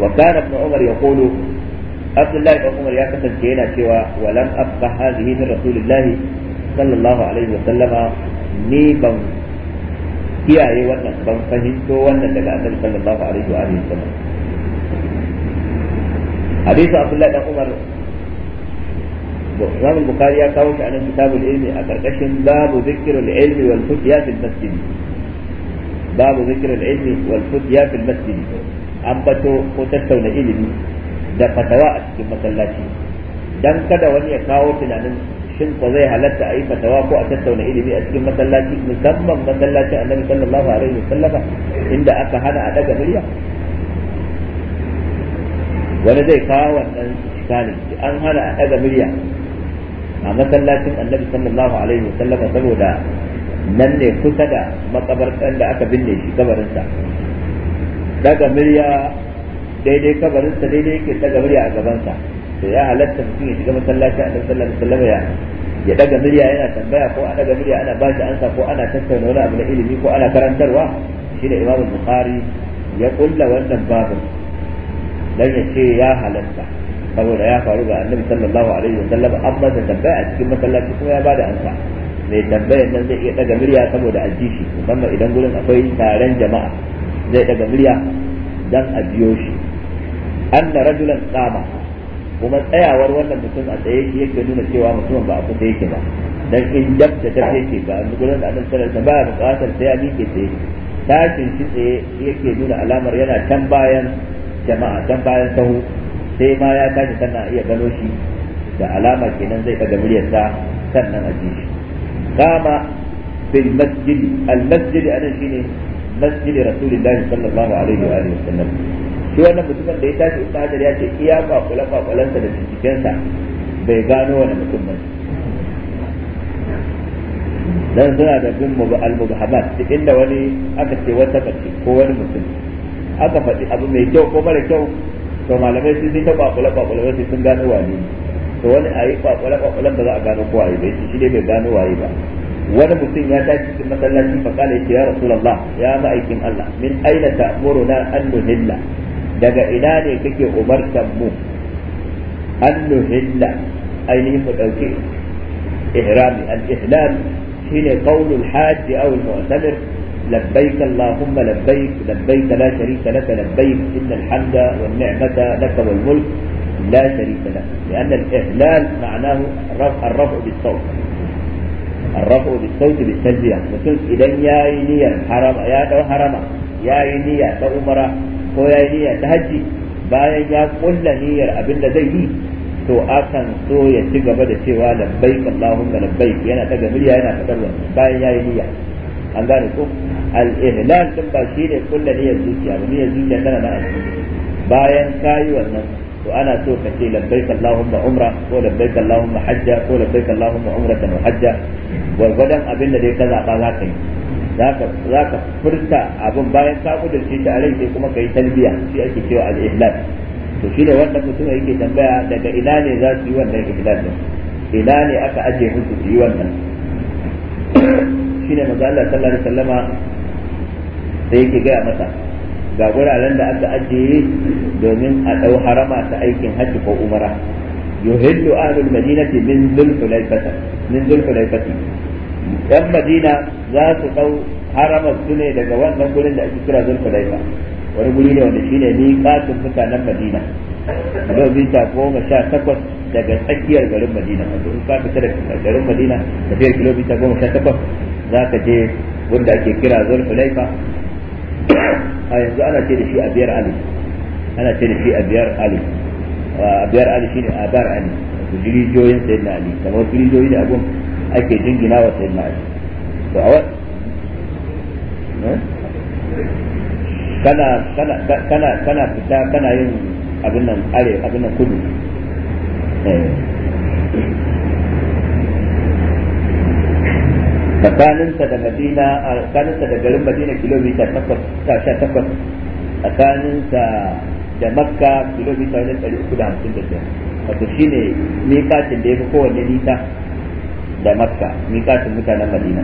S3: وكان ابن عمر يقول عبد الله بن عمر يا كتب كينا سوى ولم أبقى هذه من رسول الله صلى الله عليه وسلم نيبا بن kiyaye wannan ban fahimto wannan daga annabi sallallahu alaihi wa hadisu abdullahi dan umar Imam Bukhari ya kawo shi a nan kitabul ilmi a karkashin babu zikrul ilmi wal futiya fil babu zikrul ilmi wal futiya an bato ko tattauna ilimi da fatawa a cikin masallaci dan kada wani ya kawo tunanin shin ko zai halatta a yi fatawa ko a tattauna ilimi a cikin masallaci musamman masallacin annabi sallallahu alaihi wasallam inda aka hana a daga murya wani zai kawo wannan iskalin an hana a daga murya a masallacin annabi sallallahu alaihi wa sallama saboda nan ne kusa da makabartan da aka binne shi kabarinsa daga murya daidai kabarinsa daidai yake daga murya a gabansa to ya halatta mutum ya shiga masallacin annabi sallallahu alaihi wa sallama ya ya daga murya yana tambaya ko a daga murya ana bashi ansa ko ana tattauna wani abu na ilimi ko ana karantarwa shi da imamu bukhari ya kulla wannan babin dan ya ce ya halatta saboda ya faru ga annabi sallallahu alaihi wa sallam amma da tabbai a cikin masallaci kuma ya bada ansa mai tambayar nan zai iya daga murya saboda a ji shi musamman idan gurin akwai taron jama'a zai daga murya dan a biyo shi anna rajulan qama kuma tsayawar wannan mutum a tsaye yake yake nuna cewa mutumin ba a kusa yake ba dan in jabta ta yake ba gurin da annabi sallallahu alaihi wa sallam ba bukatar sai a miƙe tsaye tashin shi tsaye yake nuna alamar yana can bayan jama'a dan bayan sahu sai ma ya tashi sannan iya gano shi da alama kenan zai daga muryarsa sannan a ji shi kama bil masjid al masjid anan shine masjid rasulullahi sallallahu alaihi wa alihi wasallam shi wannan mutumin da ya tashi ibnu hajar ya ce iya kwakula kwakulansa da cikinsa bai gano wani mutum ba dan suna da bin al-mubhamat duk inda wani aka ce wata ko wani mutum aka faɗi abu mai kyau ko mara kyau to malamai sun yi ta kwakula kwakula sai sun gano wane to wani a yi kwakula ba za a gano kowa ba shi ne bai gano waye ba wani mutum ya tashi cikin masallaci fa kala yake ya rasulullah ya ma'aikin Allah min aina ta'muruna an nuhilla daga ina ne kake umartan mu an nuhilla ainihin mu dauke ihrami al ihlal shine qawlul haji aw al-mu'tamir لبيك اللهم لبيك لبيك لا شريك لك لبيك إن الحمد والنعمة لك والملك لا شريك لك لأن الإهلال معناه الرفع, الرفع بالصوت الرفع بالصوت بالتلبية مثل إذا يا نية حرم يا دو حرم يا نية دو عمرة ko ya yi niyya ta hajji bayan ya kulla niyyar abin da zai yi to akan so ya ci gaba da cewa labbaik Allahumma labbaik yana daga miliya yana fadar bayan ya yi niyya an gane ko al-ihlal din ba shi ne kullu niyyar zuciya ba niyyar zuciya tana da azumi bayan kayi wannan to ana so ka ce labbaik allahumma umra ko labbaik allahumma hajja ko labbaik allahumma umra wa hajja gadan abin da dai ka zaba za ka yi za ka furta abin bayan ka gudu shi ta rai sai kuma kai talbiya shi ake cewa al-ihlal to ne wanda mutum yake tambaya daga ina ne za su yi wannan ihlal din ina ne aka aje musu su yi wannan shine maza Allah sallallahu alaihi wasallama sai yake gaya masa ga guraren da aka ajiye domin a dau harama ta aikin hajji ko umara yuhillu ahlul madinati min dhulhulaifati min dhulhulaifati yan madina za su dau harama su ne daga wannan gurin da ake kira dhulhulaifa wani guri ne wanda shine miqatun mutanen madina zai ta goma sha takwas daga tsakiyar garin madina wato in ka fita da garin madina tafiyar kilomita goma sha takwas za ka je wanda ake kira zur hulaifa a yanzu ana ce da shi a biyar ali ana ce da shi a biyar ali a biyar ali shine a bar ali jirijoyin na ali kamar jirijoyi da abun ake jingina wa na ali to a eh? kana kana fita kana yin abin nan are abin nan kudu eh. tsakaninsa da madina a tsakaninsa da garin madina kilomita 18 tsakaninsa da makka kilomita 355 wato shine miƙatin da ya fi kowanne nita da makka miƙatin mutanen madina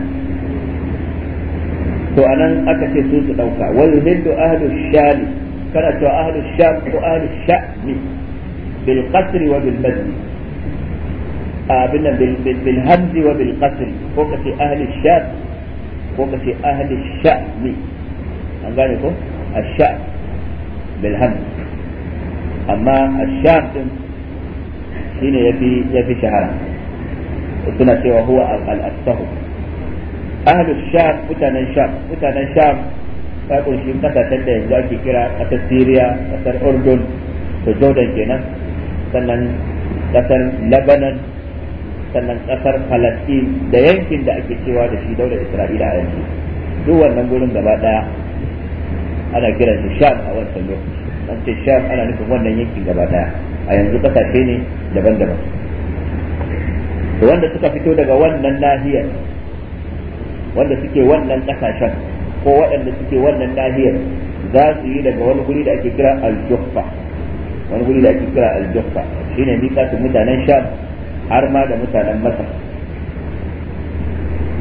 S3: to anan aka ce su su ɗauka wani hindu ahlu shani kana cewa ahlu shani ko ahlu sha'ni bil qasri wa bil madina آبنا بالهمز وبالقتل فوق أهل الشام فوق أهل الشام أنقالكم الشام بالهمز أما الشام هنا يبي يبي شهرا سنة وهو الأسطه أهل الشام فتن الشام فتن الشام فأقول شيء متى تدعي ذلك كرا قتل سيريا قتل أردن فزودا جنا سنن قتل لبنان sannan kasar Falastin da yankin da ake cewa da shi daular Isra'ila a yanzu duk wannan gurin gaba daya ana kiran shi Sham a wancan lokaci an ce Sham ana nufin wannan yankin gaba daya a yanzu kasashe ne daban-daban to wanda suka fito daga wannan nahiyar wanda suke wannan kasashen ko waɗanda suke wannan nahiyar za su yi daga wani guri da ake kira al-Juhfa wani guri da ake kira al-Juhfa shine miƙatun mutanen Sham har ma da mutanen masar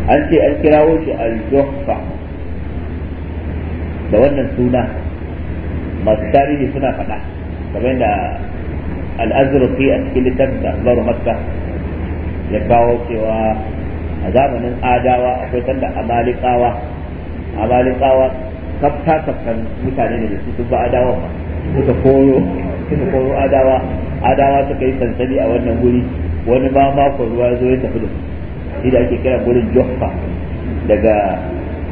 S3: an ce an kirawo shi al-juhfa da wannan suna masu tarihi suna faɗa kamar da al-azruqi a cikin littafin da zaru makka ya kawo cewa a zamanin adawa akwai sanda amalikawa amalikawa kafta kaftan mutane ne da su sun ba adawa ba suka koyo suka koyo adawa adawa suka yi sansani a wannan wuri wani ma mako ruwa zo ya tafi da su shi da ake kira gurin juhfa daga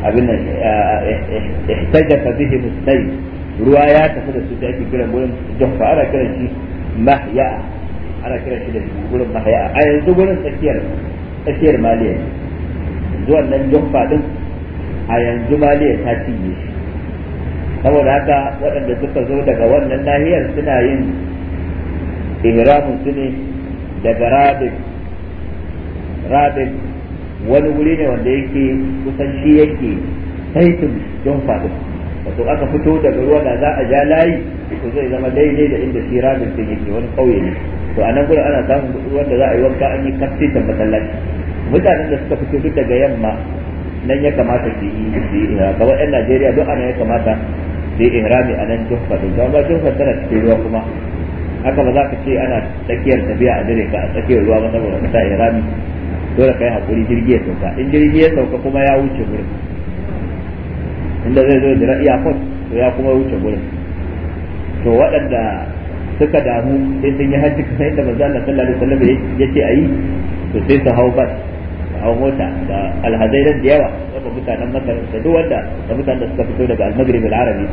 S3: abin nan eh, eh, eh, ihtajaka bihi mustayy ruwa ya tafi da su da ake kira gurin juhfa ana kiran shi mahya ana kiran shi da gurin mahya a yanzu gurin tsakiyar tsakiyar maliya zuwan nan juhfa din a yanzu maliya ta cinye shi saboda haka waɗanda suka zo daga wannan nahiyar suna yin ihramun su ne daga rabin rabin wani wuri ne wanda yake kusan shi yake saitin don faɗin wato aka fito daga ruwa da za a ja layi to zai zama daidai da inda shi rabin sun yake wani ƙauye ne to a nan gudun ana samun da za a yi wanka an yi kafin da masallaci mutanen da suka fito duk daga yamma nan ya kamata su yi su yi kamar yan najeriya duk ana ya kamata su yi ihrami a nan tun faɗin don ba tun tana cikin ruwa kuma haka ba za ka ce ana tsakiyar tafiya a dare ka a tsakiyar ruwa ba saboda ka sa irami dole yi hakuri jirgi ya sauka in jirgi ya sauka kuma ya wuce gurin inda zai zo da ra'iya kot to ya kuma wuce gurin to waɗanda suka damu sai sun yi hajji kamar yadda manzo Allah sallallahu alaihi wasallam ya ce ayi to sai su hau bas hawa mota da alhazai da yawa wanda mutanen masar da duk wanda da mutanen da suka fito daga almagrib al-arabi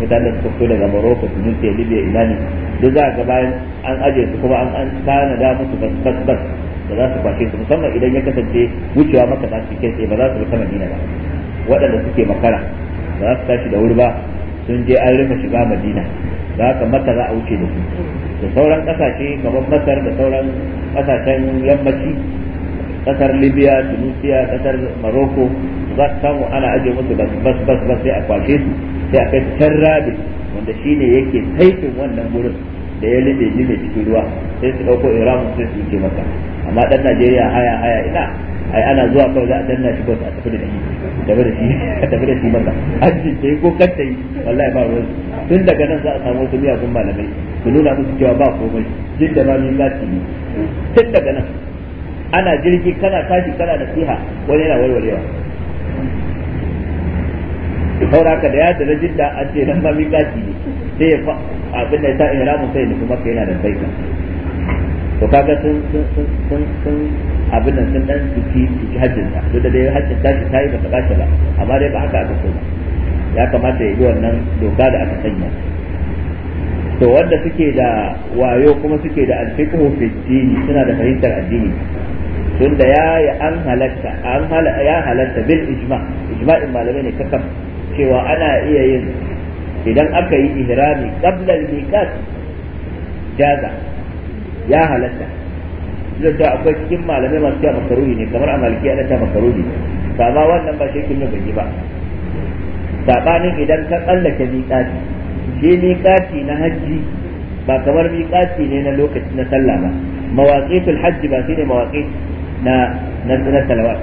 S3: mutanen da suka fito daga morocco tunisia libya imani duk za ga bayan an aje su kuma an kana da musu bas bas bas da za su kwace su musamman idan ya kasance wucewa maka za su kai ba za su bi madina ba waɗanda suke makara ba za su tashi da wuri ba sun je an rufe shiga madina za ka maka za a wuce da su da sauran kasashe kamar masar da sauran kasashen yammaci kasar libya tunisia kasar morocco za su samu ana ajiye musu bas bas bas bas sai a kwashe su sai a kai can rabin wanda shine yake taifin wannan gurin da ya lube ji mai cikin ruwa sai su dauko iran sai su yake maka amma dan najeriya haya haya ina ai ana zuwa kawai za a danna shi kawai a tafi da shi tafi da shi a tafi da shi maka an ta yi ko kanta yi wallahi ba ruwan tun daga nan za a samu wasu miyagun malamai su nuna musu cewa ba komai jin da ma ni lati ne tun daga nan ana jirgi kana tashi kana siha wani yana warwarewa saboda haka da ya da jidda an ce nan ba miƙaci ne sai abin da ya sa ramu sai ne kuma kai yana da baita to kaga sun sun sun sun abin da sun dan ciki ciki hajjin ta duk da dai hajjin ta shi tayi bata bace ba amma dai ba haka aka so ya kamata ya yi wannan doka da aka sanya to wanda suke da wayo kuma suke da alfiqhu fi dini suna da fahimtar addini tunda ya yi an halatta an ya halatta bil ijma ijma'in malamai ne kakaf cewa ana iya yin idan aka yi ihrami qabla al-miqat jaza ya halatta duk da akwai cikin malamai masu cewa makaruhi ne kamar a maliki ana ta makaruhi ba ma wannan ba shi kin yi ba sabanin idan ka tsallake miqati shi miqati na hajji ba kamar miƙati ne na lokaci na sallah ba mawaqitul hajji ba shine mawaqit na na na salawat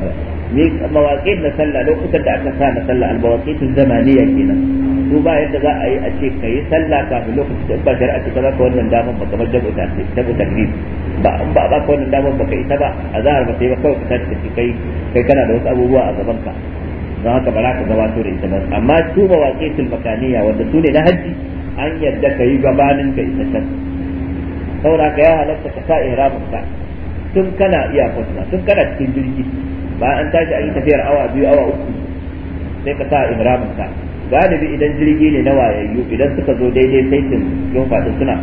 S3: ne mawaqit na sallah lokacin da aka sa na sallah al-mawaqit zamaniya kenan su ba yadda za a yi a ce kai sallah kafin lokacin da ba shari'a ce ba ka wannan damar ba kamar da buta ce da ne ba an ba ba ka wannan daman ba kai ta ba a zahar ba sai ba kawai ka ce kai kai kana da wasu abubuwa a gaban ka don haka ba za ka gabato da ita ba amma su mawaqitul makaniya wanda su ne na haji an yadda ka yi gabanin ka isa ta saboda ka ya halatta ka sa ihramin ka tun kana iya kwatna tun kana cikin jirgi ba an tashi a yi tafiyar awa biyu awa uku sai ka sa imramin ka galibi idan jirgi ne na wayayyu idan suka zo daidai sai sun suna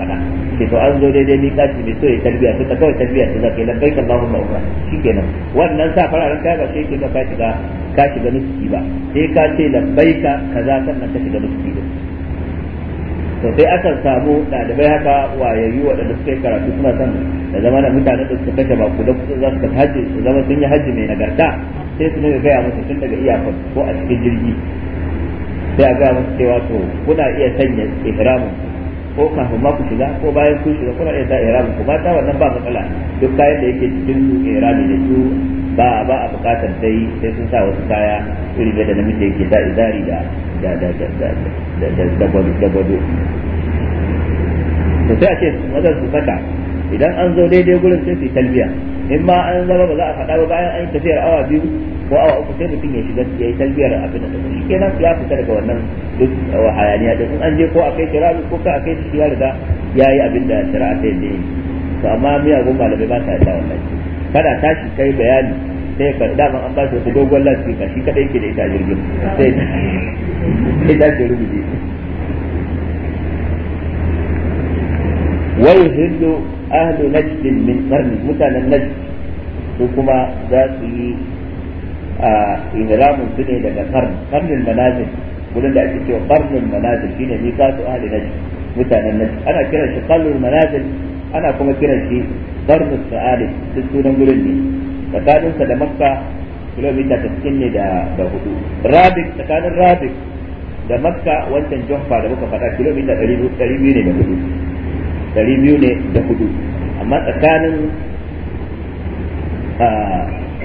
S3: fada ke to an zo daidai ni kaci mai so ya tarbiya su ka kawai tarbiya ta kenan lan baita Allahu wa shi kenan. wannan sa fararen kaya ba sai ka ka shiga ka shiga ba sai ka ce labbaika kaza sannan ka shiga nufi ba. to sai akan samu ɗalibai haka wayayyu waɗanda suka yi karatu suna son da zama na mutanen da suka kashe ba kuɗa kuɗa za su ka haji su zama sun yi haji mai nagarta sai su dinga gaya musu tun daga iyakar ko a cikin jirgi sai a gaya musu cewa to kuna iya sanya ihramu ko kafin ma ku shiga ko bayan ku shiga kuna iya sa ihramu ku mata wannan ba matsala duk kayan da yake cikin ihrami da su ba ba a bukatar dai sai sun sa wasu kaya iri da namiji yake da izari da da da da da da da da da da da sai a ce mazan su saka idan an zo daidai gurin sai su talbiya in ma an zama ba za a faɗa ba bayan an yi tafiyar awa biyu ko awa uku sai mutum ya shiga ya yi talbiyar abin da shi kenan ya fita daga wannan duk hayaniya da in an je ko a kai kirabi ko ka a kai shi ya riga ya yi abin da shari'a ta yi to amma miyagun malamai ba sa yadda wannan kana tashi kai bayani sai ka daman an ba shi dogon dogon lasfika shi kadai ke da ita jirgin sai ita ce rubuce wai hindu ahlu najdin min qarni mutanen najd ko kuma za su yi a ihramun su ne daga qarni qarnin manazil wurin da ake cewa qarnin manazil shine miqatu ahli najd mutanen najd ana kiran shi qarnul manazil ana kuma kiran shi barnu sa'ali duk sunan gurin ne tsakaninsa da makka kilomita cikin ne da hudu rabik tsakanin rabik da makka wancan jomfa da muka faɗa kilomita ɗari biyu ne da hudu ɗari biyu ne da hudu amma tsakanin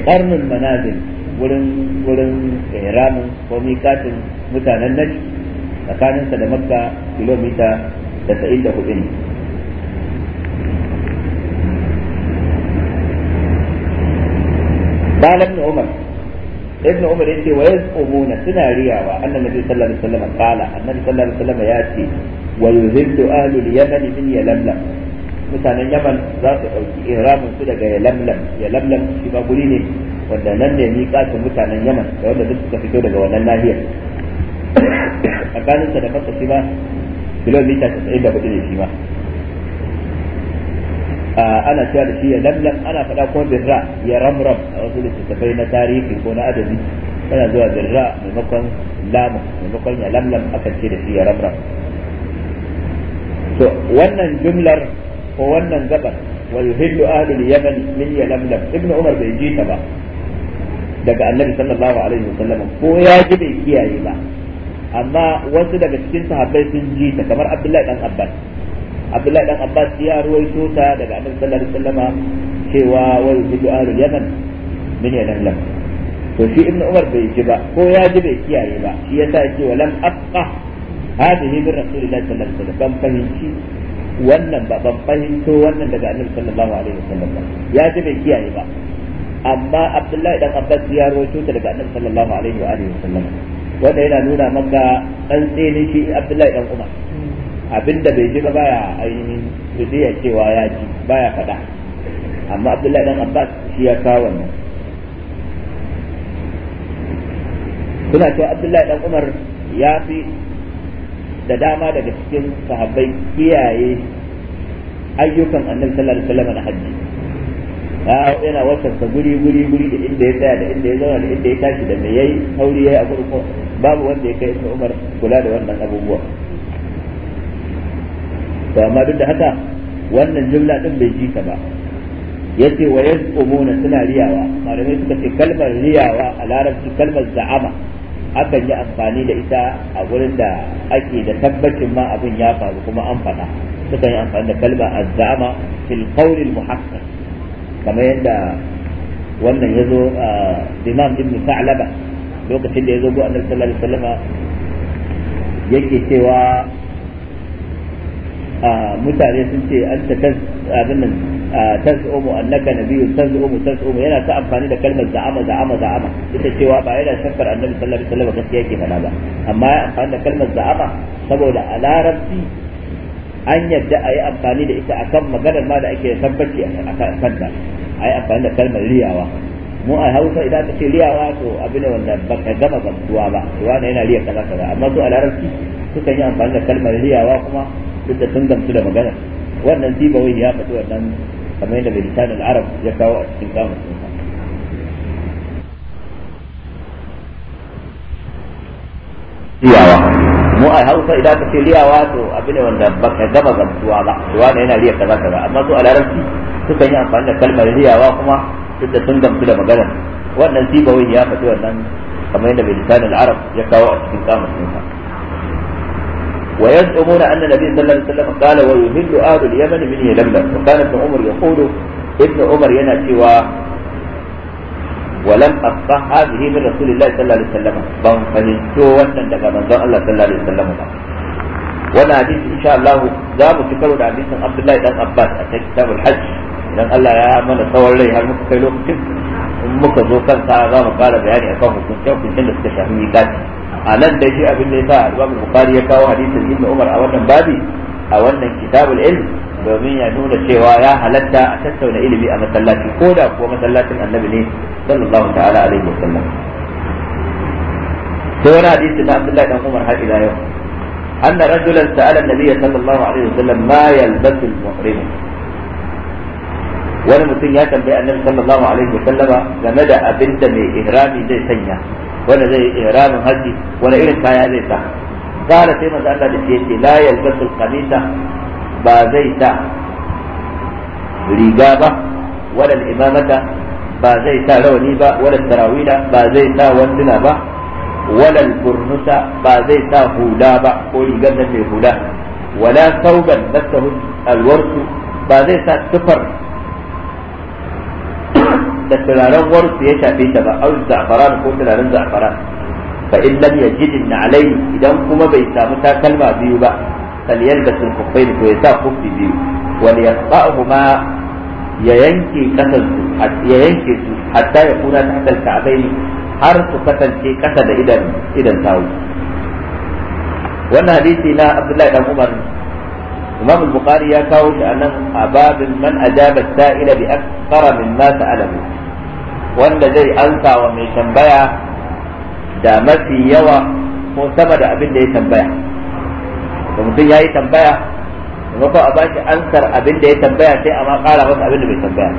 S3: ƙarnin manazin wurin wurin ramin ko miƙatin mutanen nashi tsakaninsa da makka kilomita hudu ne قال ابن عمر ابن عمر يقول ويزعمون سنا رياوا ان النبي صلى الله عليه وسلم قال النبي صلى الله عليه وسلم ياتي ويذل اهل اليمن من يلملم mutanen yaman za su ɗauki ihramin su daga yalamlam yalamlam shi ba guri ne wanda nan ne miƙatin mutanen yaman da wanda duk suka fito daga wannan nahiyar tsakaninsa da fasa shi ba ana cewa da shi ya lamlam ana faɗa ko birra ya ramram a wasu littattafai na tarihi ko na adabi yana zuwa birra maimakon lamu maimakon ya lamlam aka ce da shi ya ramram to wannan jumlar ko wannan gabar wa yuhillu ahlul yaman min ya lamlam ibnu umar bai ji ta ba daga annabi sallallahu alaihi wasallam ko ya ji bai kiyaye ba amma wasu daga cikin sahabbai sun ji ta kamar abdullahi dan abbas abdullahi dan abbas ya ruwaito ta daga annabi sallallahu alaihi wasallama cewa wai yuzidu ahlul yaman min yalam to shi ibnu umar bai ji ba ko ya ji bai kiyaye ba shi yasa yake wa lam afqa hadhihi bi rasulillahi sallallahu alaihi wasallam fahimci wannan ba ban fahimto wannan daga annabi sallallahu alaihi wasallam ya ji bai kiyaye ba amma abdullahi dan abbas ya ruwaito ta daga annabi sallallahu alaihi wasallam wanda yana nuna maka dan tsene shi abdullahi dan umar abinda bai ji ba baya ainihin ridiya cewa ya ji baya faɗa amma abdullahi dan abbas shi ya kawo wannan suna cewa abdullahi dan umar ya fi da dama daga cikin sahabbai kiyaye ayyukan annabi sallallahu alaihi wasallam na hajji yana wasanta guri guri guri da inda ya tsaya da inda ya zauna da inda ya tashi da mai yayi hauri yayi a gurbin babu wanda ya kai umar kula da wannan abubuwa to amma duk da haka wannan jumla din bai ji ta ba yace wa yazqumuna suna riyawa malamai suka ce kalmar riyawa a larabci kalmar za'ama akan yi amfani da ita a gurin da ake da tabbacin ma abin ya faru kuma an faɗa suka yi amfani da kalma a fil qawli al muhaqqaq kamar yadda wannan yazo Imam Ibn Sa'laba lokacin da yazo ga Annabi sallallahu alaihi wasallam yake cewa mutane sun ce an ta abin nan umu annaka nabiyyu tas umu yana ta amfani da kalmar za'ama za'ama za'ama ita cewa ba yana shakkar annabi sallallahu alaihi wasallam gaskiya yake fada ba amma ya amfani da kalmar za'ama saboda a larabci an yadda a yi amfani da ita akan maganar ma da ake tabbaci a kanta a yi amfani da kalmar riyawa mu a hausa idan ka ce riyawa to abin wanda baka gama gamsuwa ba wani yana riya kaza kaza amma su a larabci sukan yi amfani da kalmar riyawa kuma duk sun gamsu da magana wannan sibawai ya faɗi wannan kamar yadda bai lisan al'arab ya kawo a cikin kamus ɗinsa riyawa mu a hausa idan ka ce riyawa to abin da wanda ba ka gama gamsuwa ba to wani yana riya kaza kaza amma su a larabci suka yi amfani da kalmar riyawa kuma duk da sun gamsu da magana wannan sibawai ya faɗi wannan kamar yadda bai lisan al'arab ya kawo a cikin kamus ɗinsa ويزعمون أن النبي صلى الله عليه وسلم قال ويهل أهل اليمن من يلملم وكان ابن عمر يقول ابن عمر ينأتي ولم أفقه هذه من رسول الله صلى الله عليه وسلم بان فهمتو وانا دقا من الله صلى الله عليه وسلم وانا حديث إن شاء الله زام تكرر عن حديث عبد الله بن عباس أتى كتاب الحج إذا الله يا من صور لي هل مكتب لوك مكتب زوكا تعالى قال بياني أكون في الجو في الجنة استشهد ميقاتي a nan da shi abin da ya sa al-Imam Bukhari ya kawo hadisin Ibn Umar a wannan babi a wannan kitabul ilm domin ya nuna cewa ya halatta a tattauna ilimi a masallaci ko da kuwa masallacin Annabi ne sallallahu ta'ala alaihi wa sallam sai wani hadisi na Abdullah dan Umar har ila yau anna rajulan sa'ala an-nabiy sallallahu alaihi wa sallam ma yalbasu al-muhrim wani mutum ya tambayi annabi sallallahu alaihi wa sallama game da abin da mai ihrami zai sanya wanda zai yi ihramin haji wani irin kaya zai sa kala sai manzo Allah da shi yace la yalbasul ba zai sa riga ba wala imamata ba zai sa rawani ba wala tarawila ba zai sa wanduna ba wala burnusa ba zai sa hula ba ko rigar da mai hula wala sauban nasahu alwarsu ba zai sa tufar da turaren warsu ya shafe ta ba au za'faran ko turaren za'faran fa in lam yajid alayhi idan kuma bai samu takalma biyu ba fal da al khuffayn to ya sa khuffi biyu wal yaqahuma ya yanke kasan su ya yanke su hatta ya kuna ta hadal ka'bayn har su kasance kasa da idan idan sawu wannan hadisi na Abdullahi dan Umar imam Buhari ya kawo shi anan a babin man ajaba sa'ila bi akthara min ma wanda zai ansa wa mai tambaya da mafi yawa ko sama da abin da ya tambaya da mutum ya yi tambaya maimakon a bashi ansar abin da ya tambaya sai a ma kara masa abin da bai tambaya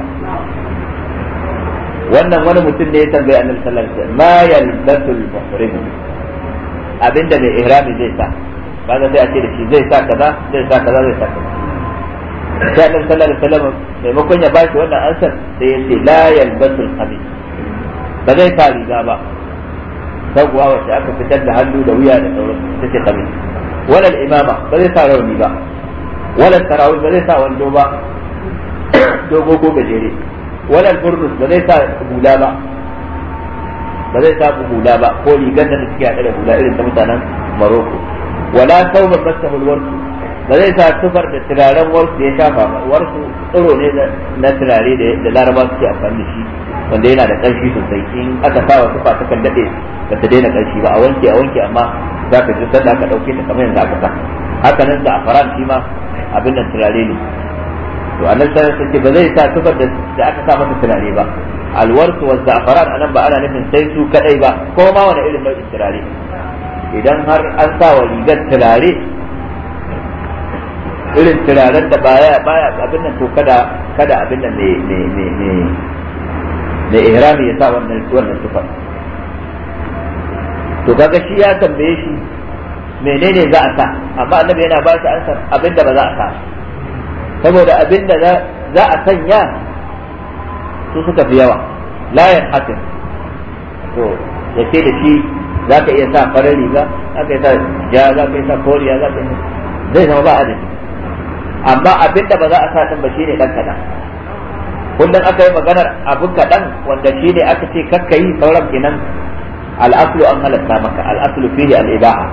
S3: wannan wani mutum ya tambaya abin da mai ihrami zai sa kaga sai a ce da shi zai sa kaza zai sa kaza zai sa kaza sai annabi sallallahu alaihi wasallam maimakon ya bashi wannan ansar sai ya ce la yalbasul qamis ba zai sa riga ba sabuwa wacce aka fitar da hannu da wuya da sauran ta ce qamis wala imama ba zai sa rauni ba wala tarawih ba zai sa wando ba dogo ko gajere wala burnus ba zai sa hula ba ba zai sa hula ba ko rigar da suke haɗe da hula irin ta mutanen Maroko wala tauban masahul warsu ba zai sa tufar da turaren warsu ya shafa ba warsu tsiro ne na turare da laraba suke amfani da shi wanda yana da ƙarfi sosai in aka sa wa tufa ta kan daɗe ba ta daina ƙarfi ba a wanke a wanke amma za ka ji sallah ka ɗauke ta kamar yanzu aka sa haka nan da afaran shi ma abin da turare ne to a nan sai sai ba zai sa tufar da aka sa masa turare ba alwarsu wa za'afaran anan ba ana nufin sai su kadai ba ko ma wani irin nau'in turare idan har an sa wa rigar turare irin turaren da baya baya abin nan to kada kada abin nan ne ne ne ne ihrami ya sa wannan wannan sifar to kaga shi ya tambaye shi menene za a sa amma annabi yana ba shi ansar abin da ba za a sa saboda abin da za a sanya su suka fi yawa la yahqin to yake da shi za ka iya sa farin riga za ka iya sa ja za ka iya sa koriya za ka iya zai zama ba hadisi amma abin da ba za a sa tun ba shine dan ɗan kaɗan kullum aka yi maganar abin kaɗan wanda shine aka ce kakka yi sauran kenan al'aslu an halatta maka al'aslu fihi al'ibaha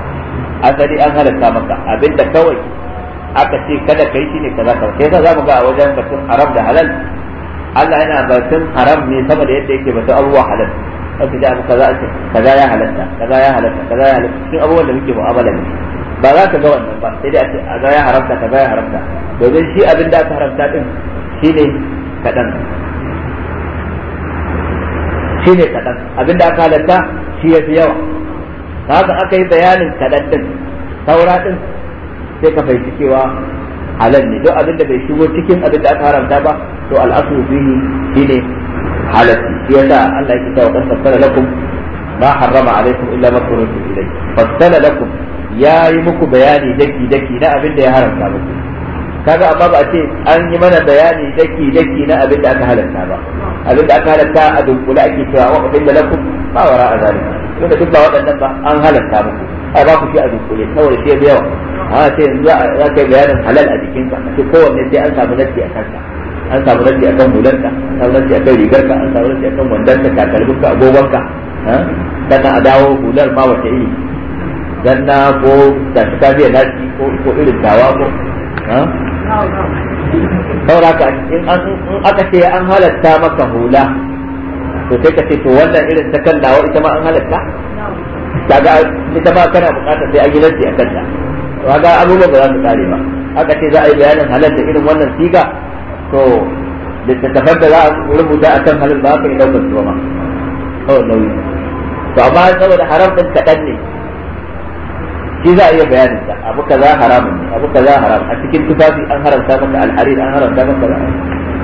S3: asali an halatta maka abin da kawai aka ce kada kai shi ne kaza kawai sai za mu ga a wajen batun haram da halal Allah yana batun haram ne saboda yadda yake batun abubuwa halal aka ji abu kaza ake kaza ya halatta kaza ya halatta kaza ya halatta cikin abubuwan da muke mu'amala ne ba za ka ga wannan ba sai dai a ce kaza ya haramta kaza ya haramta domin shi abin da aka haramta din shine kadan shine kadan abin da aka halatta shi ya fi yawa haka aka yi bayanin kaɗan din saura din sai ka fahimci cewa halal ne duk abin da bai shigo cikin abin da aka haramta ba to al'asu fihi shine halatti shi yasa Allah yake cewa kan fassara lakum ma harrama alaikum illa ma kuntum ilayhi fassara lakum ya yi muku bayani daki daki na abin da ya haramta muku kaga amma ba an mana bayani daki daki na abin aka halatta ba abin aka halatta a dunkule ake cewa wa abin da lakum ba wara a zalika duk da duk ba waɗannan ba an halatta muku a ba ku shi a dunkule saboda shi yawa a ce bayanin halal a jikinka a kowanne sai an samu nasi a kansa an samu rashi kan hulanka an samu rashi rigar rigarka an samu rashi akan wandanka agogon ka, sannan a dawo hular ma wata iri zanna ko tashi biya naci ko irin tawa ko saboda in aka ce an halatta maka hula to sai ka ce to wannan irin ta kan dawo ita ma an halatta kaga ita ma kana bukatar sai a gina lantarki a kanta kaga abubuwan ba za su kare ba aka ce za a yi bayanin halatta irin wannan siga to littattafan da za a rubuta a kan halin ba ka yi daukar su ba kawai nauyi to amma saboda haram ɗin kaɗan ne shi za a iya bayanin sa abu za haramun ne abu za haram a cikin tufafi an haramta maka al'arir an haramta maka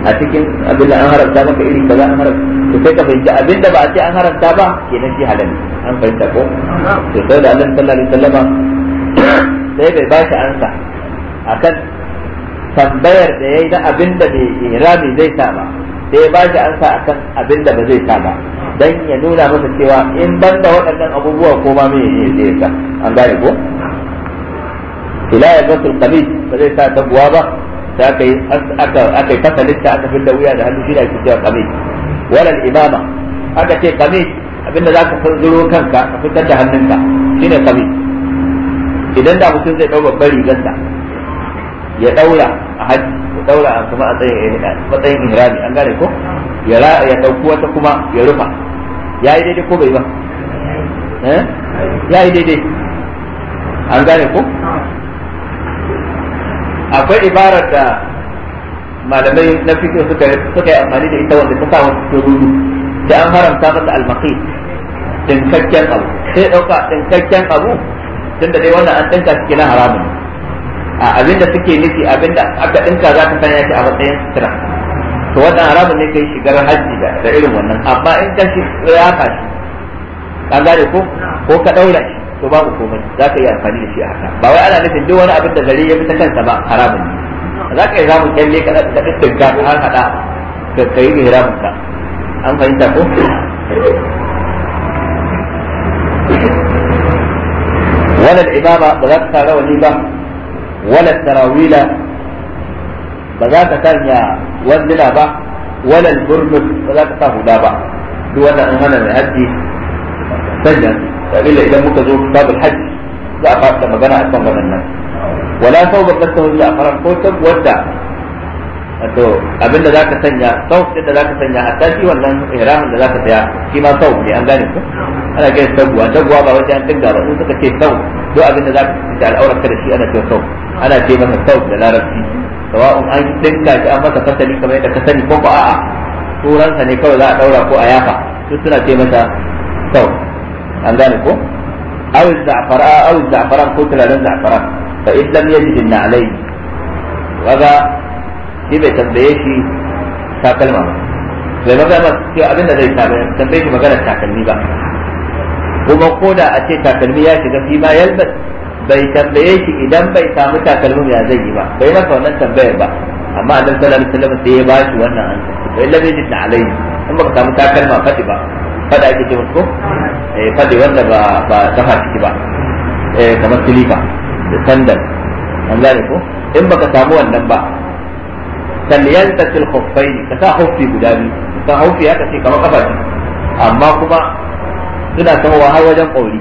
S3: a cikin abin da an haramta maka iri za a haram to sai ka fahimci abin da ba a ce an haramta ba kenan shi halal an fahimta ko to sai da Allah sallallahu alaihi wasallama sai bai ba shi ansa akan tambayar da ya yi na abin da bai zai sa ba da ya bashi an sa akan abin da ba zai sa ba dan ya nuna masa cewa in ban da waɗannan abubuwa ko ma me ne zai sa an gane ko ila ya ga qamis ba zai sa tabuwa ba da aka yi aka aka fata ta aka fidda wuya da hannu shi da ake cewa qamis wala imama aka ce qamis abinda zaka zuro kanka ka fitar da hannunka shine qamis idan da mutum zai dau babbar rigarsa ya daura a hajji ya daura a eh, a matsayin ihrami an gane ko ya ya dauki wata kuma ya rufa daidai ko bai ba eh yayi daidai an gane ko akwai ibarar da malamai na suka yi amfani da ita wanda ta sa wasu tururu da an haramta masa almaqi dinkakken abu sai dauka dinkakken abu tunda dai wannan an danka cikin haramun a abinda suke nufi abinda aka dinka za ka sanya shi a matsayin sutura to wannan haramun ne kai shigar hajji da irin wannan amma in ka shi ka shi ka gane ko ko ka daura shi to babu komai za ka yi amfani da shi a haka ba wai ana nufin duk wani abin da gari ya fita kansa ba haramun ne za ka yi zamu kyalle ka da dinka har hada ka kai ihramin ka an fahimta ko wannan ibaba ba za ka sa rawani ba wala tarawila ba za ka sanya wanduna ba wala burnus ba za ka sa hula ba duk an hana mai hajji sanya sabila idan muka zo kitabul hajji za a fasa magana akan waɗannan wala sau ta kasta a fara ko wadda to abinda zaka sanya sau da zaka sanya a tafi wannan ihramin da zaka saya shi ma sau ne an gane ko ana ga sabuwa sabuwa ba wajen an dinga ba su suka ce sau duk abinda zaka ci al'aurar ka da shi ana ce sau ana ce masa sau da larabci sawa'un an dinka shi an masa fasali kamar yadda ka sani ko ko a'a sa ne kawai za a daura ko a yafa su suna ce masa sau an gane ko aw za'fara أو الزعفران قلت لا زعفران فإن لم يجد النعلين وهذا shi bai tambaye shi takalma ba bai magana ce abin da zai tambaye shi magana takalmi ba kuma ko da a ce takalmi ya shiga fi ma yalbat bai tambaye shi idan bai samu takalmin ya zai yi ba bai masa wannan tambayar ba amma annabi sallallahu alaihi wasallam sai ya ba shi wannan an bai labe ji da alai in baka samu takalma fadi ba fada ake ce musu eh fadi wanda ba ba dafa ciki ba eh kamar silifa da sandal an gane ko in baka samu wannan ba ta talyantasil ne ka sa huffi guda biyu san huffi ya ce kamar kafa ce amma kuma suna samuwa har wajen kauri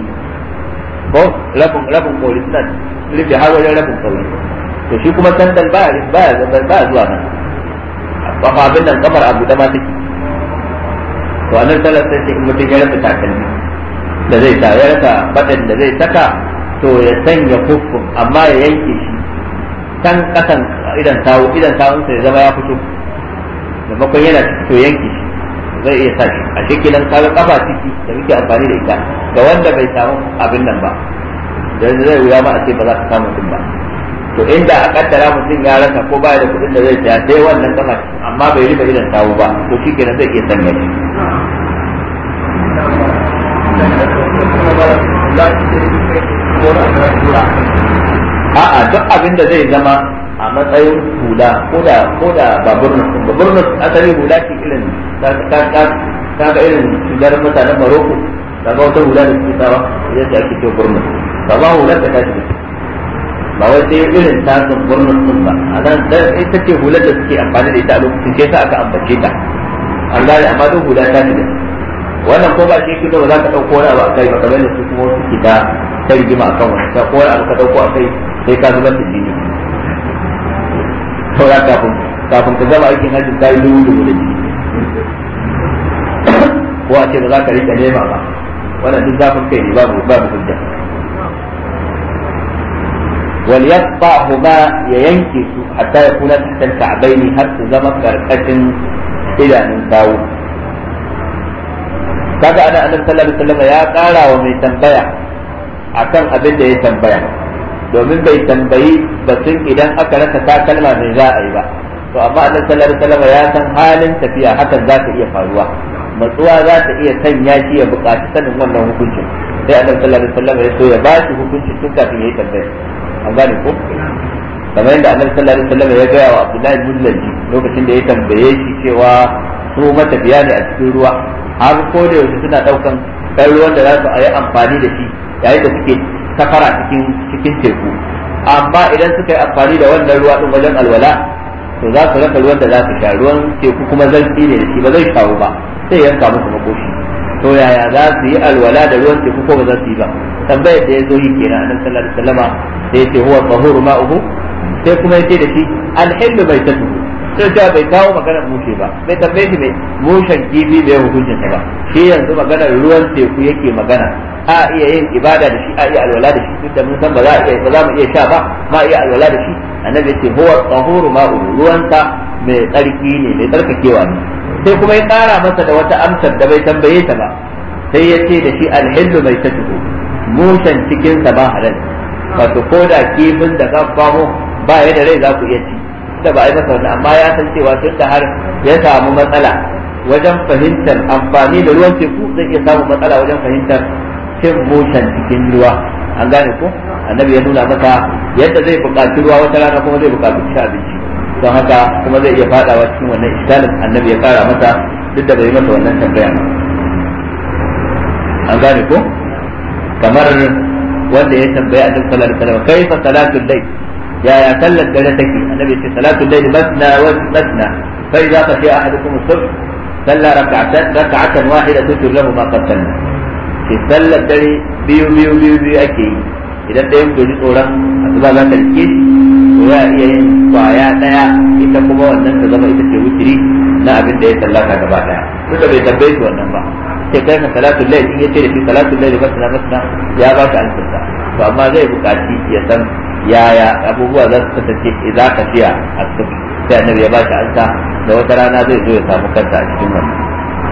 S3: ko rabin rabin kauri suna rufe har wajen rabin kauri to shi kuma sandal ba ba ba zuwa nan kafa abin nan kamar abu da ma take to anan sallar sai ce mutum ya rasa takalmi da zai ta ya rasa badan da zai saka to ya sanya hukun amma ya yanke shi kan kasan idan tawo idan tawo sai zama ya fito da bakon yana to yanki zai iya sa shi a shekilan kaga kafa ciki da muke amfani da ita ga wanda bai samu abin nan ba da zai wuya ma a ce ba za ka samu din ba to inda a kaddara mutum ya rasa ko baya da kuɗin da zai saya sai wannan kafa amma bai riba idan tawo ba to shikenan zai iya sanya shi a'a duk abin da zai zama a matsayin hula ko da ko da ba burna asali hula ce irin ta ka ga irin hular mutanen Morocco da ga wata hula da suke tawa idan ta ake cewa burna ba ba hula da ta ce ba wai sai irin tasin burna sun ba a nan dan ita ce hula da suke amfani da ita a lokacin sai aka ambace ta Allah ya amma duk hula ta ce wannan ko ba shi kike ba za ka dauko wani abu akai ba kamar da su kuma suke da ta rigima akan wani ta ko wani abu ka dauko akai sai ka zubar da jini saura kafin kafin ka gama aikin hajji ka yi dubu dubu da jini ko a ce ba za ka rika nema ba wannan duk zafin kai ne babu babu hujja wal Huma ya yanke su hatta ya kuna tahta al-ka'bayn har su zama karkashin idanun sawu kaga ana annabi sallallahu alaihi wasallam ya kara mai tambaya akan abin da ya tambaya domin bai tambayi batun idan aka rasa takalma mai za a yi ba to amma annabi sallallahu alaihi wasallam ya san halin tafiya hakan za ta iya faruwa matsuwa za ta iya sanya shi ya buƙaci sanin wannan hukuncin sai annabi sallallahu alaihi wasallam ya so ya ba shi hukuncin tun kafin ya yi tambaya an gane ko kamar yadda annabi sallallahu alaihi wasallam ya gaya wa Abdullahi bin lokacin da ya tambaye shi cewa su matafiya ne a cikin ruwa har ko da yaushe suna ɗaukan ɗan ruwan da za su yi amfani da shi yayin da suke safara cikin cikin teku amma idan suka yi amfani da wannan ruwa din wajen alwala to za su rasa ruwan da za su sha ruwan teku kuma zalti ne da shi ba zai shawo ba sai ya yanka musu makoshi to yaya za su yi alwala da ruwan teku ko ba za su yi ba tambayar da ya zo yi kenan annabi sallallahu alaihi wasallama sai ya ce huwa tahuru ma'uhu sai kuma ya ce da shi alhillu baitatuhu sai cewa bai kawo maganar mushe ba bai tambaye shi mai mushen kifi bai hukuncin ba shi yanzu maganar ruwan teku yake magana a iya yin ibada da shi a iya alwala da shi duk da mun san ba za ba mu iya sha ba ma iya alwala da shi annabi ya ce huwa tahuru ruwan ta mai tsarki ne mai tsarkakewa ne sai kuma ya kara masa da wata amsar da bai tambaye ta ba sai ya ce da shi alhillu mai tatuhu mushen cikin sa ba halal wato ko da kifin da ka ba ya da rai za ku iya ci da ba a yi masa wani amma ya san cewa tun da har ya samu matsala wajen fahimtar amfani da ruwan teku zai iya samun matsala wajen fahimtar cin mushen cikin ruwa an gane ko annabi ya nuna masa yadda zai buƙaci ruwa wata rana kuma zai buƙaci cin abinci don haka kuma zai iya faɗawa cikin wannan ishtalin annabi ya ƙara masa duk da bai masa wannan tambaya ba an gane ko kamar wanda ya tambaya annabi sallallahu alaihi kai fa salatu layl yaya sallar dare take annabi ce salatul layli masna wa masna fa idza qati ahadukum as-subh salla rak'atan rak'atan wahidatan tur lahu ma qad salla ce sallar dare biyu biyu biyu biyu ake yi idan ɗayan ku ji tsoron asuba za ta rike to ya iya ita kuma wannan ta zama ita ce wutiri na abin da ya sallaka gaba ɗaya duka bai wannan ba ce in yace da shi ya ba shi alƙur'ani zai buƙaci ya san yaya abubuwa za su kasance za ka fiya a cikin sai ya ba shi ansa da wata rana zai zo ya samu kanta a cikin wannan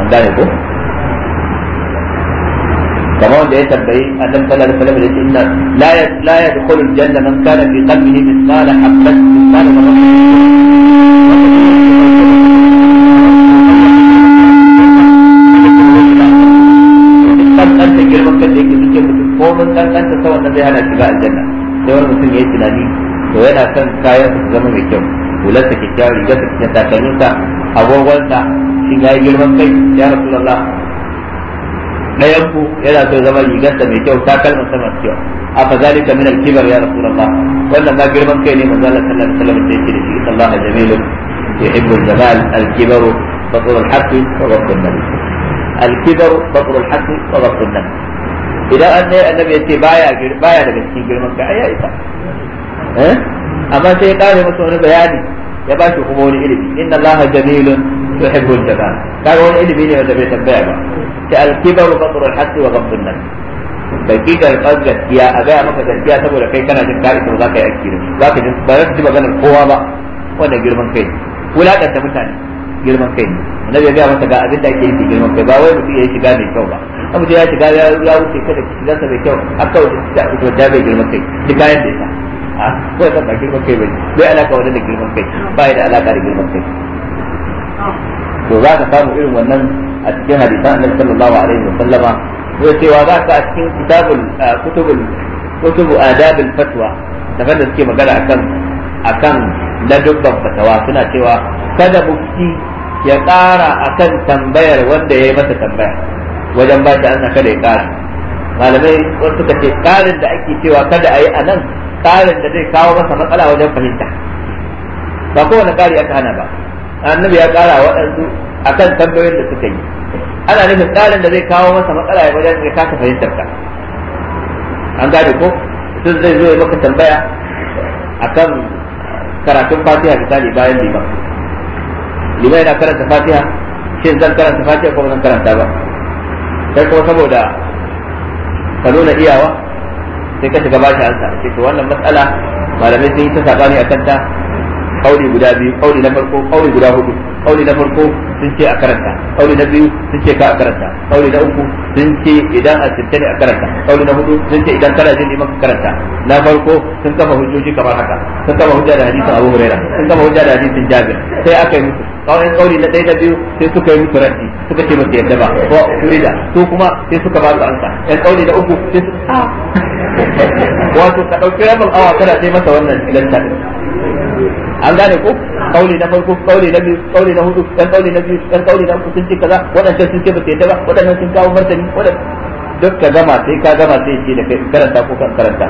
S3: an gane ko كما وند يتبعي a صلى الله kan girman kan da yake suke mutum ko kan wannan zai hana shiga aljanna sai wani mutum ya yi tunani to yana son kayan su zama mai kyau hular ta kyakkyawar rigarsa kyakkyawar agogon ta shi ya yi girman kai ya rasu lalla ɗayan ku yana so zama rigar ta mai kyau takalmin takalminsa masu kyau aka zalika ka minar kibar ya rasu lalla wannan ma girman kai ne manzo Allah sallallahu alaihi wasallam sai ce da shi sallallahu jamilun yuhibbu al-jamal al-kibaru fatrul haqqi wa rabbun nabi al-kibaru fatrul haqqi wa rabbun nabi idan an dai annabi ya ce baya baya daga cikin girman kai ya isa eh amma sai ya kare masa wani bayani ya ba shi kuma wani ilimi inna allaha jamilun yuhibbul jamal kaga wani ilimi ne wanda bai tambaya ba ta al-kibaru batru al-haqqi wa ghamdun nas dakikar gaskiya a gaya maka gaskiya saboda kai kana jin ka isa za ka yi aiki da za ka ji ba za ka ji maganar kowa ba wannan girman kai wulakanta mutane girman kai ne annabi ya gaya masa ga abin da ake yi girma kai ba wai mutum ya shiga mai kyau ba abu ya shiga ya wuce kada shiga mai kyau a kawai da ita da bai girma kai ki kayan da ita a ko ta ba girma kai bai bai alaka wani da girma kai ba ya da alaka da girma kai to za ka samu irin wannan a cikin hadisan annabi sallallahu alaihi wa sallama ko cewa za ka a cikin kitabul kutubul kutubu adabul fatwa da da suke magana akan akan ladubban fatawa suna cewa kada ki. ya ƙara akan tambayar wanda ya yi masa tambaya wajen ba shi an kada ya ƙara malamai wasu suka ce ƙarin da ake cewa kada a yi a nan ƙarin da zai kawo masa matsala wajen fahimta ba kowane ƙari aka hana ba annabi ya ƙara waɗansu a kan tambayoyin da suka yi ana nufin ƙarin da zai kawo masa matsala ya wajen ya kasa fahimtar ka an gane ko sun zai zo ya maka tambaya akan karatun fatiha misali bayan liman liman yana karanta fatiha shin zan karanta fatiha ko zan karanta ba sai kuma saboda ka nuna iyawa sai ka shiga bashi ansa ce to wannan matsala malamai sun yi ta sabani a kanta kauli guda biyu kauli na farko kauli guda hudu kauli na farko sun ce a karanta kauli na biyu sun ce ka a karanta kauli na uku sun ce idan a cinta ne a karanta kauli na hudu sun ce idan kana jin ne maka karanta na farko sun kafa hujjoji kamar haka sun kafa hujja da hadisin Abu Hurairah sun kafa hujja da hadisin Jabir sai aka yi musu kawai kauri na ɗaya da biyu sai suka yi musu rafi suka ce musu yadda ba ko turida su kuma sai suka ba su ansa ɗan kauri na uku sai su a ah. wato ka ɗauki rabin awa kada sai masa wannan lanta an gane ko kauli na farko kauli na biyu kauli na hudu ɗan kauli na biyu ɗan kauli na uku sun ce kaza waɗancan sun ce musu yadda ba waɗannan sun kawo martani waɗannan duk ka gama sai ka gama sai ce da kai karanta ko kan karanta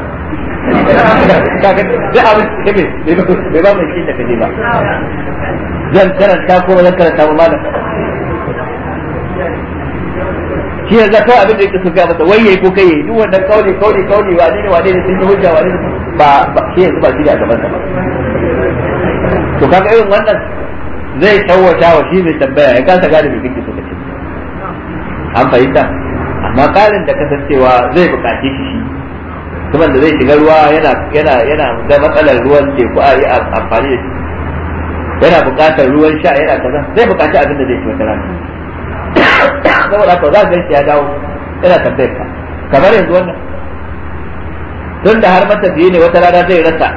S3: kaga da abin da ke bai ba mu shi da kaje ba zan karanta ko ba zan karanta ba malam shi yanzu kawai abin da yake so ga masa wai yayi ko kai yayi duk wannan kauli kauli kauli wa ne wa ne sun yi hujja wa ne ba ba shi yanzu ba shi da gaban sa ba to kaga irin wannan zai tawata wa shi mai tambaya ya kasa gane me kike so kace an fahimta amma kalin da kasancewa zai bukace shi kuma da zai shiga ruwa yana yana yana da matsalar ruwan teku a yi amfani da shi yana buƙatar ruwan sha yana kaza zai buƙaci abin da zai ci wata rana saboda ko za ka shi ya dawo yana tambayar ka kamar yanzu wannan tun da har mata matafiyi ne wata rana zai rasa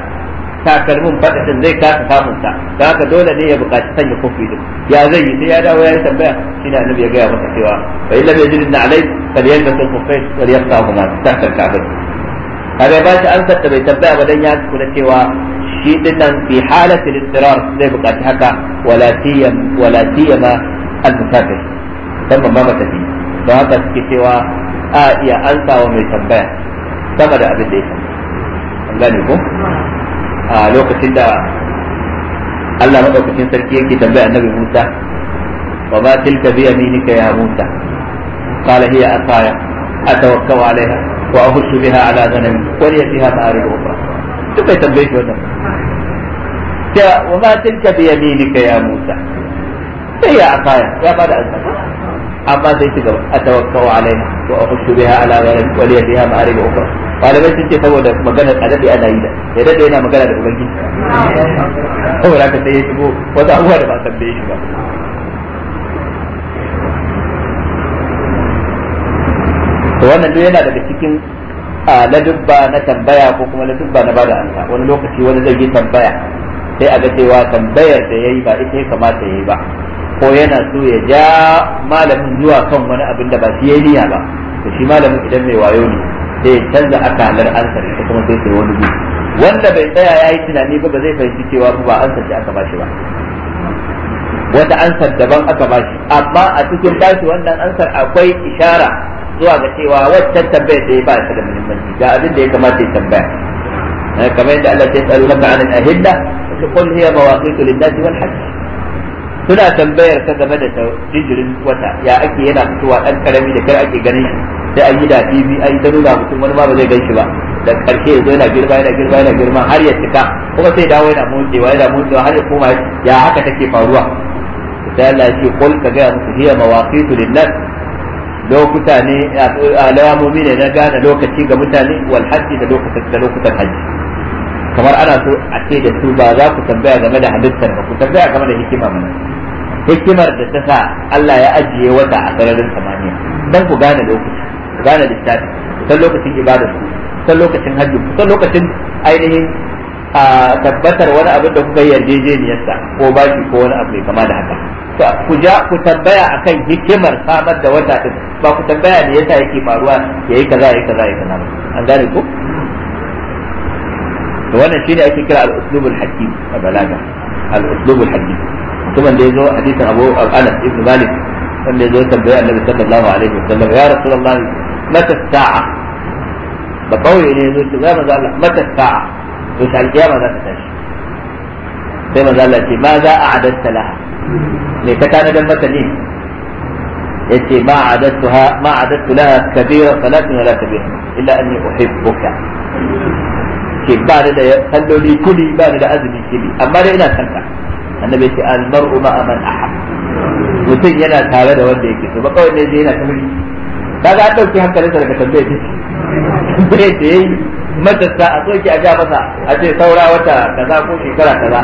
S3: takalmin fadadin zai kasa samun sa da haka dole ne ya buƙaci sanya kofi din ya zai yi sai ya dawo ya yi tambaya shine annabi ya gaya masa cewa fa illa bi jidin alai fal yanzu kofi fal yafta kuma tahta al kaga ba shi ansar da bai tambaya ba dan ya kula cewa shi dinnan bi al istirar zai bukaci haka wala walatiyan wala siyama al-musafir musamman ma matafi don haka suke cewa a iya wa mai tambaya sama da abin da ya an gane ko a lokacin da Allah madaukakin sarki yake tambaya annabi Musa wa ma tilka bi yaminika ya Musa qala hiya asaya atawakkalu alaiha wa ahussu biha ala zanami wa liya fiha ma'arib ukhra duk bai tambaye shi wannan ta wa ma tilka bi yaminika ya Musa sai ya akaya ya bada azaba amma zai ci gaba a atawakkau alaiha wa ahussu biha ala zanami wa liya fiha ma'arib ukhra malamai sun ce saboda magana a daɗe ana yi da ya daɗe yana magana da ubangiji saboda haka sai ya shigo wasu abubuwa da ba san shi ba to wannan duk yana daga cikin ladubba na tambaya ko kuma ladubba na bada amsa wani lokaci wani zai yi tambaya sai a ga cewa tambayar da yayi ba ita ya kamata yayi ba ko yana so ya ja malamin zuwa kan wani abin da ba shi yayi niyya ba to shi malamin idan mai wayo ne sai ya canza akalar ansar ko kuma sai sai wani wanda bai tsaya yayi tunani ba ba zai fahimci cewa ba ansar ce aka shi ba wata ansar daban aka bashi amma a cikin bashi wannan ansar akwai ishara zuwa ga cewa waccan tambayar da ya ba ta da muhimmanci ga abin da ya kamata ya tambaya eh, kamar yadda Allah ya tsaro naka anil ahidda ta qul hiya mawaqitu lin-nasi wal hajj suna tambayar ka game da jinjirin wata ya ake yana fitowa dan karami da kar ake ganin shi sai an yi da bibi an yi ta nuna mutum wani ma ba zai gan shi ba da karshe ya zo yana girma yana girma yana girma har ya cika kuma sai dawo yana motsewa yana motsewa har ya koma ya haka take faruwa sai Allah ya ce qul ka ga musu hiya mawaqitu lin-nas lokuta ne alamomi ne na gane lokaci ga mutane wal da lokutan da lokutan hajji kamar ana so a ce da su ba za ku tambaya game da halittar ba ku tambaya game da hikima mana hikimar da ta sa Allah ya ajiye wata a sararin samaniya dan ku gane lokaci ku gane lissafi san lokacin ibadar ku san lokacin hajji ku san lokacin ainihin a tabbatar wani abin da kuka yarjejeniyarsa ko bashi ko wani abu mai kama da haka ku ja ku tambaya akan hikimar samar da wata din ba ku tambaya ne yasa yake faruwa yayi kaza yayi kaza yayi kaza an gane ko to wannan shine ake kira al uslub al hakim a balaga al uslub al hakim kuma da yazo hadisin Abu Anas ibn Malik wanda yazo tambaya Annabi sallallahu alaihi wasallam ya Rasulullah mata sa'a ba kawai ne yazo ki zama da Allah mata sa'a to sai kiyama za ta tashi sai manzo Allah ce ma za a laha me ka tana dan mata ne yace ma ma laha kabira wala kabira illa anni uhibbuka ke ba da salloli kuli ba da azumi kuli amma dai ina son ka annabi ce al mar'u ma man ahab mutum yana tare da wanda yake so ba kawai ne yana kaga an dauki hankalinsa daga tambayar ta da yayi madasta a soke a ja masa a ce saura wata kaza ko shekara kaza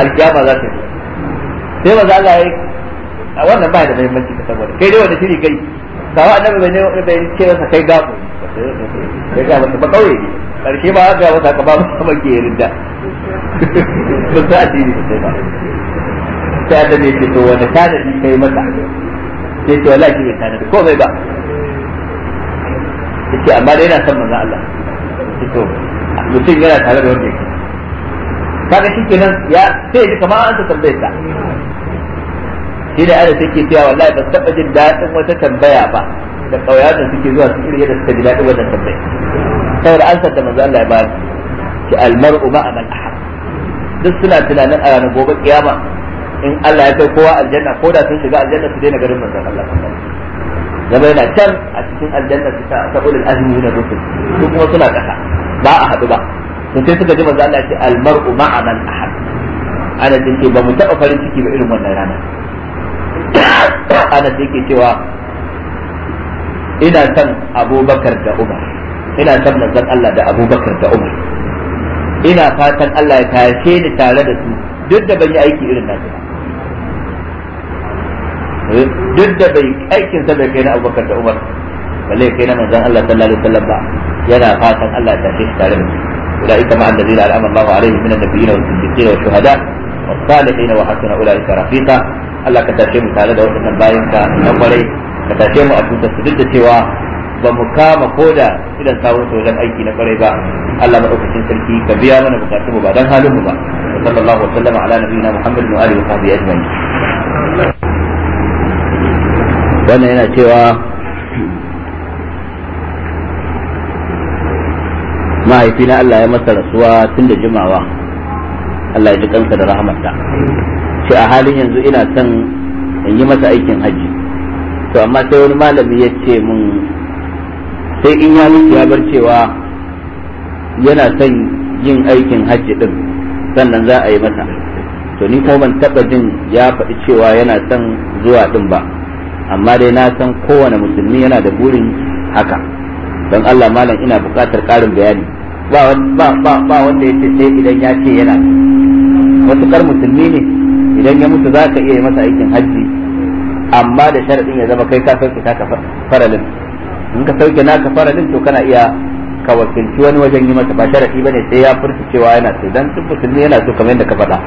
S3: alkiyama za ta yi sai maza a yi a wannan bai da muhimmanci ka saboda kai dai wanda shiri kai wa annabi bai ne bai ce masa kai gabo kai ga masa ba kauye ne karshe ba ga masa ka ba masa magiyarin da ba za a ji ne sai ba sai annabi ya ce to wanda tanadi kai masa sai ce wallahi ya tanadi bai ba yace amma dai yana san manzon Allah to mutum yana tare da wanda yake kaga shi kenan ya sai ji kama an ta tambaye ta shi da ana take cewa wallahi ba taba jin daɗin wata tambaya ba da ƙauya da suke zuwa su irin yadda suka ji daɗin wata tambaya saboda an da manzo Allah ya bayar ki almar'u ma man ahad duk suna tunanin a ranar gobe kiyama in Allah ya kai kowa aljanna ko da sun shiga aljanna su daina garin manzo Allah sallallahu alaihi wasallam zama yana can a cikin aljanna ta ta ulul azmi na rusul su kuma suna kasa ba a haɗu ba to sai suka ji manzo Allah ce al mar'u ma'a man ahad ana ce ba mu taɓa farin ciki ba irin wannan rana ana ce ke cewa ina son abubakar da umar ina son manzon Allah da abubakar da umar ina fatan Allah ya tashe ni tare da su duk da ban yi aiki irin nasu ba eh, duk da bai aikin sa bai kai na Abubakar da Umar balle kai na manzon Allah sallallahu alaihi wasallam ba yana fatan Allah ta shi tare da أولئك مع الذين أنعم الله عليهم من النبيين والصديقين والشهداء والصالحين وحسن أولئك رفيقا Allah ka tashe mu tare da waɗannan bayan ka na kwarai ka tashe mu a tutar su duk da cewa ba mu kama koda idan kawo su wajen aiki na kwarai ba Allah madaukakin sarki ka biya mana bukatun mu ba dan halin mu ba sallallahu alaihi wa sallam ala nabiyina muhammadin wa alihi wa sahbihi ajma'in wannan yana cewa mahaifina Allah ya masa rasuwa tun da jimawa Allah ya ji kansa da rahamarta ce a halin yanzu ina son in yi masa aikin hajji to amma sai wani malami ya ce mun sai in ya mutu ya bar cewa yana son yin aikin hajji din sannan za a yi masa to ni kuma ban taba jin ya faɗi cewa yana son zuwa din ba amma dai na san kowane musulmi yana da burin haka don Allah malam ina buƙatar ƙarin bayani ba wanda ya ce sai idan ya ce yana matuƙar musulmi ne idan ya mutu za ka iya masa aikin hajji amma da sharaɗin ya zama kai ka sauke ka faralin in ka sauke naka faralin to kana iya ka wakilci wani wajen yi masa ba sharaɗi ba ne sai ya furta cewa yana sai dan duk musulmi yana so kamar yadda ka faɗa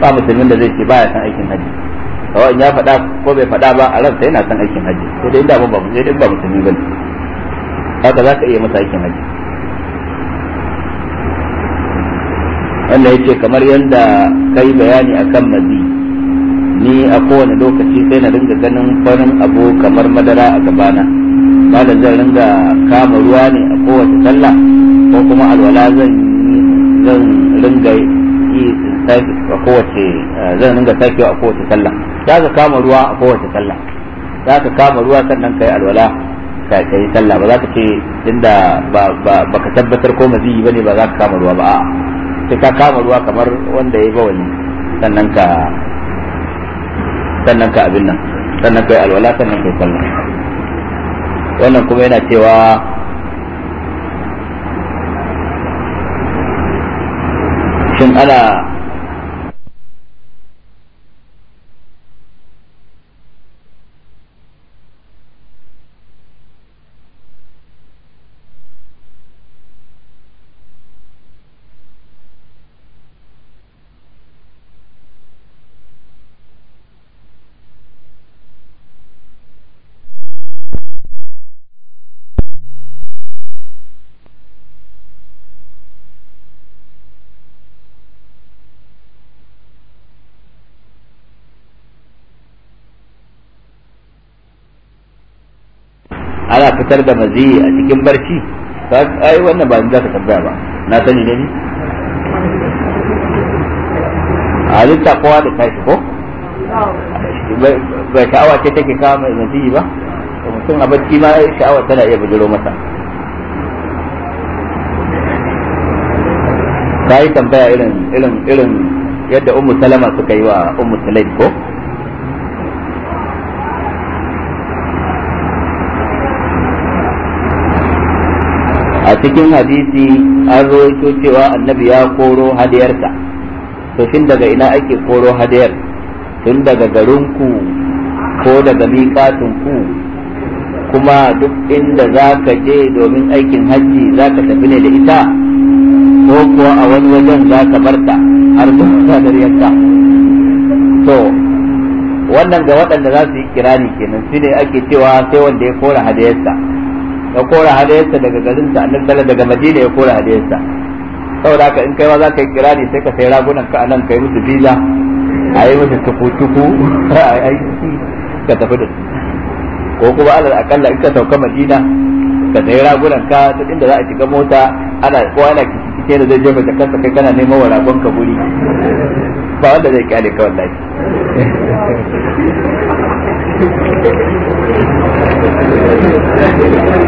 S3: ba musulmin da zai ce baya san aikin hajji kawai ya faɗa ko bai faɗa ba a ransa yana son aikin hajji sai dai inda ba sai dai ba musulmi bane haka za ka iya masa aikin hajji wanda ce kamar yadda kai bayani akan mazi ni a kowane lokaci sai na ringa ganin farin abu kamar madara a gabana malam zan ringa kama ruwa ne a kowace sallah ko kuma alwala zan zan ringa yi a kowace eh, zan ringa sakewa a kowace sallah za ka kama ruwa a kowace sallah za ka kama ruwa sannan ka yi alwala ka yi sallah ba za ka ce inda ba ka tabbatar ko mazi ba ne ba za ka kama ruwa ba sai ka kama ruwa kamar wanda ya yi ba sannan ka sannan ka abin nan sannan ka yi alwala sannan ka yi sallah wannan kuma yana cewa shin ana ana fitar da mazi a cikin barci ai wannan ba za ka tambaya ba na sani ne ne a halitta kowa da tashi ko ba sha'awa ce take kawo mai mazi ba mutum a barci ma sha'awa tana iya bujiro masa ta yi tambaya irin irin irin yadda ummu salama suka yi wa ummu salai ko cikin hadisi an rawaito cewa annabi ya koro hadiyarsa to tun daga ina ake koro hadiyar tun daga garinku ko daga ku kuma duk inda za ka je domin aikin hajji za ka tafi ne da ita ko kuwa a wani wajen za ka barta har zuwa yadda to wannan ga waɗanda za su yi kirani kenan su ne ake cewa sai wanda ya kora hadayarsa ya kora hadayarsa daga garin da annabi sallallahu daga madina ya kora hadayarsa saboda haka in kai ma za ka yi kirari sai ka sai ragunan ka anan kai musu visa a musu tuku-tuku a ka tafi da ko kuma alal akalla in ka sauka madina ka sai ragunan ka duk inda za a shiga mota ana ko ana kike da zai je mata kansa kai kana neman wa ragon ka guri ba wanda zai kyale ka wallahi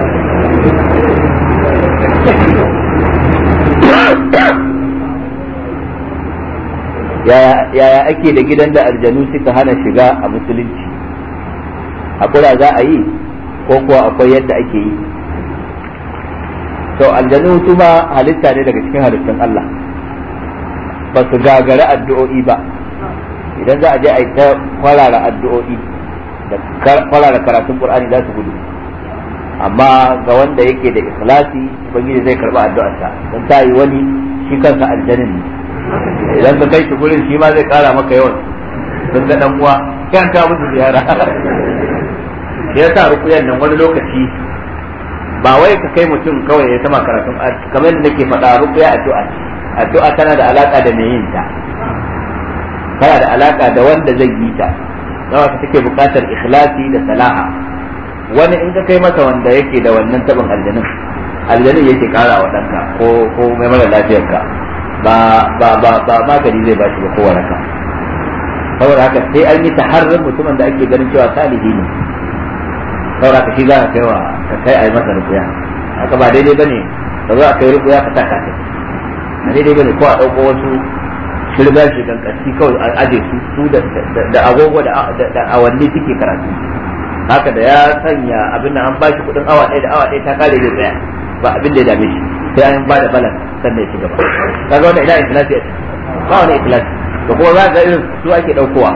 S3: yaya ake da gidan da aljanu suka hana shiga a musulunci kura za a yi ko kuwa akwai yadda ake yi to aljanu su ma halitta ne daga cikin halittun Allah ba su gagari addu'o'i ba idan za a je a yi ta kwarara addu'o'i da kwarara karatun ƙur'ani za su gudu amma ga wanda yake da ikhlasi ubangiji zai karba addu'arsa don ta yi wani shi kansa aljanin idan ka kai shi gurin shi ma zai kara maka yawan sun ga dan uwa kan ta musu ziyara ya sa rukuyan nan wani lokaci ba wai ka kai mutum kawai ya sama karatun kamar yadda nake faɗa rukuya addu'a addu'a tana da alaka da mai yin ta tana da alaka da wanda zai yi ta don haka take buƙatar ikhlasi da salaha wani in ka kai masa wanda yake da wannan tabin aljanin aljanin yake kara wa ɗanka ko ko mai mara lafiyarka ba ba ba ba magani zai bashi ba kowa raka saboda haka sai an yi taharrin mutumin da ake ganin cewa salihi ne saboda haka shi za a kai wa ka kai a yi masa rukuya haka ba daidai bane ka zo a kai rukuya ka taka kai ba daidai bane ko a ɗauko wasu shirgar shi gangaski kawai a aje su su da agogo da awanni suke karatu haka da ya sanya abin da an bashi kuɗin awa ɗaya da awa ɗaya ta kare zai tsaya ba abin da ya dame shi sai an ba da balan sannan ya ci gaba kaga wannan ina ikhlasi ba wani ikhlasi to kuma za ka irin su ake daukowa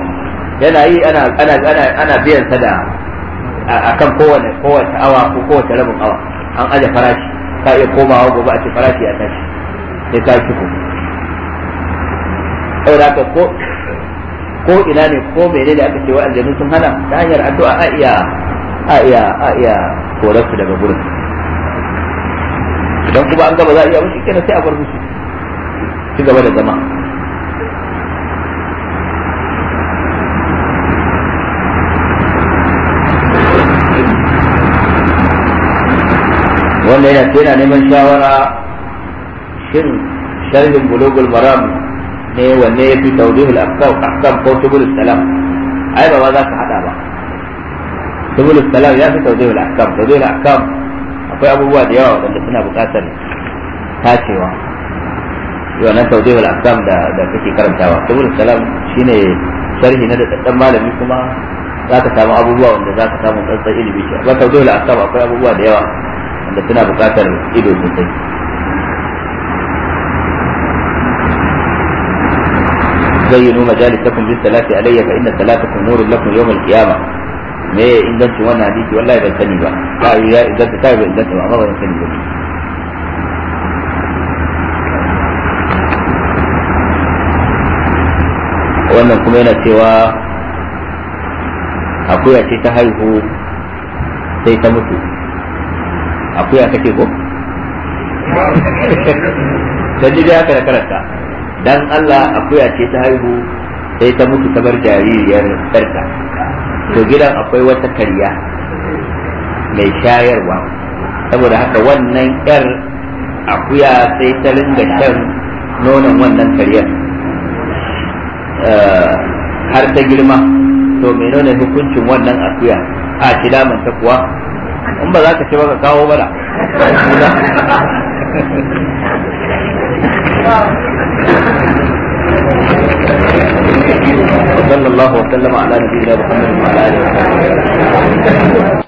S3: yana yi ana ana ana ana biyan sa da akan kowane kowace awa ko kowace rabin awa an aje farashi ka iya komawa gobe a ce farashi ya tashi sai ka kuma saboda haka ko ko ina ne ko da aka ce wa aljanu sun hana ta hanyar addu'a a iya a iya a iya korar su daga gurin idan kuma an gaba za a iya ba kenan sai a bar musu ci gaba da zama wannan yana yana neman shawara shin sharhin bulogul maram ne wanne ya fi tawdihul ahkam ko tubulus salam ai ba ba za ka hada ba tubulus salam ya fi tawdihul ahkam tawdihul ahkam akwai abubuwa da yawa wanda suna bukatar tacewa wannan tawdihul ahkam da da kake karantawa saboda salam shine sharhi na da tsatsan malami kuma za ka samu abubuwa wanda za ka samu tsantsan ilimi ce amma tawdihul ahkam akwai abubuwa da yawa wanda suna bukatar ido sosai زينوا مجالسكم بالصلاة علي فإن صلاتكم نور لكم يوم القيامة me ya ingancin wannan hadisi wallahi ban sani ba ba ya inganta ta bai inganta ba amma ban sani ba wannan kuma yana cewa akuya ce ta haihu sai ta mutu akuya kake ko ta ji haka da karanta dan Allah akuya ce ta haihu sai ta mutu ta bar jaririyar karta to gidan akwai wata karya mai shayarwa saboda haka wannan yar akuya sai ta ringa shan nonon wannan karyar eh, har ta girma to mai nonon hukuncin wannan akuya a ci ta kuwa in ba za ka ci ba ka kawo mana sallallahu wa sallama ala nabiyina muhammadin wa ala alihi